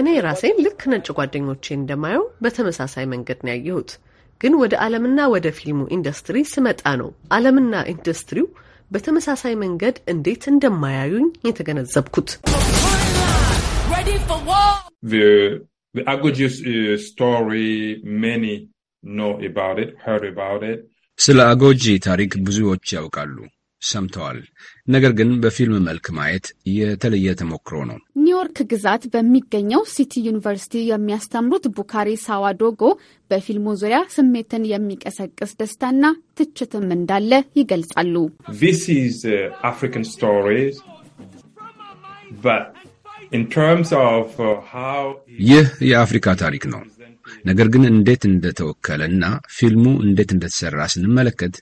እኔ ራሴን ልክ ነጭ ጓደኞቼ እንደማየው በተመሳሳይ መንገድ ነው ያየሁት። ግን ወደ ዓለምና ወደ ፊልሙ ኢንዱስትሪ ስመጣ ነው ዓለምና ኢንዱስትሪው በተመሳሳይ መንገድ እንዴት እንደማያዩኝ የተገነዘብኩት። The uh, story, many ስለ አጎጂ ታሪክ ብዙዎች ያውቃሉ፣ ሰምተዋል። ነገር ግን በፊልም መልክ ማየት የተለየ ተሞክሮ ነው። ኒውዮርክ ግዛት በሚገኘው ሲቲ ዩኒቨርሲቲ የሚያስተምሩት ቡካሪ ሳዋዶጎ በፊልሙ ዙሪያ ስሜትን የሚቀሰቅስ ደስታና ትችትም እንዳለ ይገልጻሉ። uh, uh, ይህ የአፍሪካ ታሪክ ነው ነገር ግን እንዴት እንደተወከለና ፊልሙ እንዴት እንደተሰራ ስንመለከት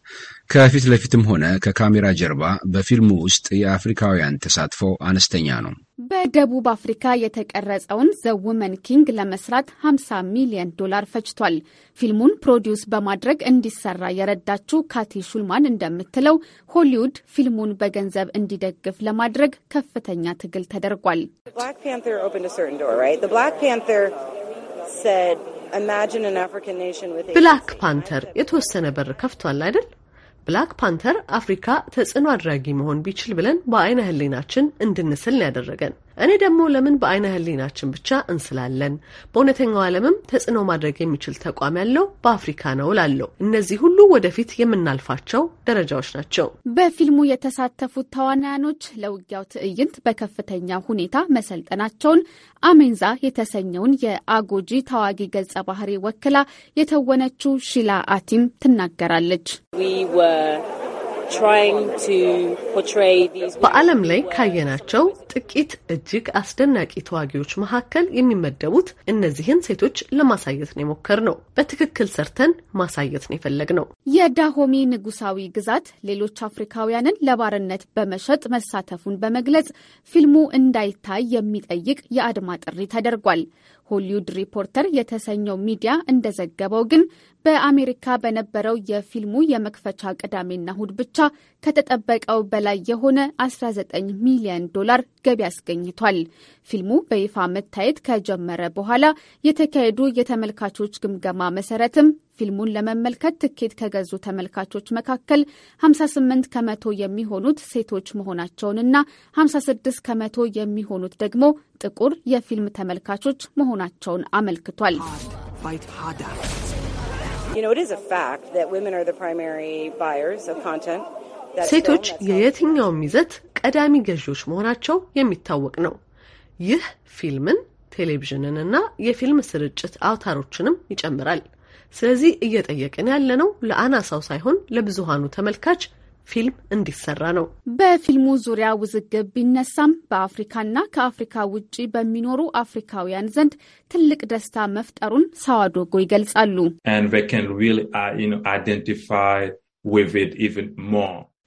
ከፊት ለፊትም ሆነ ከካሜራ ጀርባ በፊልሙ ውስጥ የአፍሪካውያን ተሳትፎ አነስተኛ ነው። በደቡብ አፍሪካ የተቀረጸውን ዘ ውመን ኪንግ ለመስራት 50 ሚሊዮን ዶላር ፈጅቷል። ፊልሙን ፕሮዲውስ በማድረግ እንዲሰራ የረዳችው ካቲ ሹልማን እንደምትለው ሆሊውድ ፊልሙን በገንዘብ እንዲደግፍ ለማድረግ ከፍተኛ ትግል ተደርጓል። ብላክ ፓንተር የተወሰነ በር ከፍቷል አይደል? ብላክ ፓንተር አፍሪካ ተጽዕኖ አድራጊ መሆን ቢችል ብለን በአይነ ህሊናችን እንድንስል ያደረገን እኔ ደግሞ ለምን በአይነ ህሊናችን ብቻ እንስላለን? በእውነተኛው ዓለምም ተጽዕኖ ማድረግ የሚችል ተቋም ያለው በአፍሪካ ነው ላለው። እነዚህ ሁሉ ወደፊት የምናልፋቸው ደረጃዎች ናቸው። በፊልሙ የተሳተፉት ተዋናያኖች ለውጊያው ትዕይንት በከፍተኛ ሁኔታ መሰልጠናቸውን አሜንዛ የተሰኘውን የአጎጂ ተዋጊ ገጸ ባህሪ ወክላ የተወነችው ሺላ አቲም ትናገራለች። በዓለም ላይ ካየናቸው ጥቂት እጅግ አስደናቂ ተዋጊዎች መካከል የሚመደቡት እነዚህን ሴቶች ለማሳየት ነው የሞከር ነው። በትክክል ሰርተን ማሳየት ነው የፈለግ ነው። የዳሆሚ ንጉሳዊ ግዛት ሌሎች አፍሪካውያንን ለባርነት በመሸጥ መሳተፉን በመግለጽ ፊልሙ እንዳይታይ የሚጠይቅ የአድማ ጥሪ ተደርጓል። ሆሊውድ ሪፖርተር የተሰኘው ሚዲያ እንደዘገበው ግን በአሜሪካ በነበረው የፊልሙ የመክፈቻ ቅዳሜና እሁድ ብቻ ከተጠበቀው በላይ የሆነ 19 ሚሊዮን ዶላር ገቢ አስገኝቷል። ፊልሙ በይፋ መታየት ከጀመረ በኋላ የተካሄዱ የተመልካቾች ግምገማ መሰረትም ፊልሙን ለመመልከት ትኬት ከገዙ ተመልካቾች መካከል 58 ከመቶ የሚሆኑት ሴቶች መሆናቸውንና 56 ከመቶ የሚሆኑት ደግሞ ጥቁር የፊልም ተመልካቾች መሆናቸውን አመልክቷል። ሴቶች የየትኛውም ይዘት ቀዳሚ ገዢዎች መሆናቸው የሚታወቅ ነው። ይህ ፊልምን ቴሌቪዥንንና የፊልም ስርጭት አውታሮችንም ይጨምራል። ስለዚህ እየጠየቅን ያለነው ለአናሳው ሳይሆን ለብዙሃኑ ተመልካች ፊልም እንዲሰራ ነው። በፊልሙ ዙሪያ ውዝግብ ቢነሳም በአፍሪካና ከአፍሪካ ውጭ በሚኖሩ አፍሪካውያን ዘንድ ትልቅ ደስታ መፍጠሩን ሳዋዶጎ ይገልጻሉ። uh,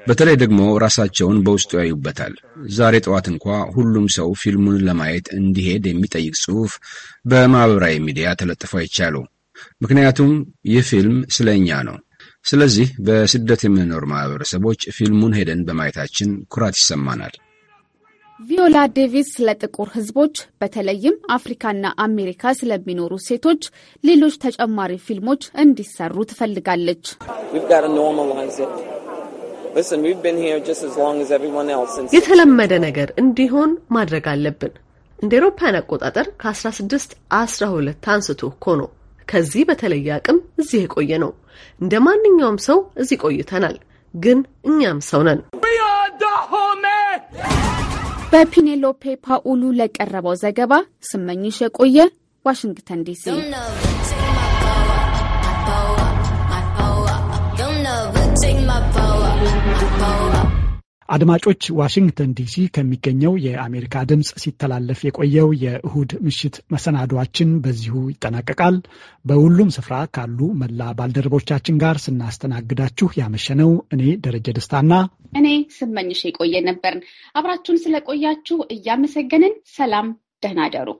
በተለይ ደግሞ ራሳቸውን በውስጡ ያዩበታል። ዛሬ ጠዋት እንኳ ሁሉም ሰው ፊልሙን ለማየት እንዲሄድ የሚጠይቅ ጽሑፍ በማኅበራዊ ሚዲያ ተለጥፎ አይቻሉ። ምክንያቱም ይህ ፊልም ስለ እኛ ነው። ስለዚህ በስደት የምንኖር ማህበረሰቦች ፊልሙን ሄደን በማየታችን ኩራት ይሰማናል። ቪዮላ ዴቪስ ስለ ጥቁር ህዝቦች በተለይም አፍሪካና አሜሪካ ስለሚኖሩ ሴቶች ሌሎች ተጨማሪ ፊልሞች እንዲሰሩ ትፈልጋለች። የተለመደ ነገር እንዲሆን ማድረግ አለብን። እንደ ኤሮፓያን አቆጣጠር ከ1612 አንስቶ እኮ ነው ከዚህ በተለየ አቅም እዚህ የቆየ ነው። እንደ ማንኛውም ሰው እዚህ ቆይተናል፣ ግን እኛም ሰው ነን። በፒኔሎፔ ፓኡሉ ለቀረበው ዘገባ ስመኝሽ የቆየ ዋሽንግተን ዲሲ አድማጮች፣ ዋሽንግተን ዲሲ ከሚገኘው የአሜሪካ ድምፅ ሲተላለፍ የቆየው የእሁድ ምሽት መሰናዷችን በዚሁ ይጠናቀቃል። በሁሉም ስፍራ ካሉ መላ ባልደረቦቻችን ጋር ስናስተናግዳችሁ ያመሸነው እኔ ደረጀ ደስታና እኔ ስመኝሽ የቆየ ነበርን። አብራችሁን ስለቆያችሁ እያመሰገንን ሰላም፣ ደህና ደሩ።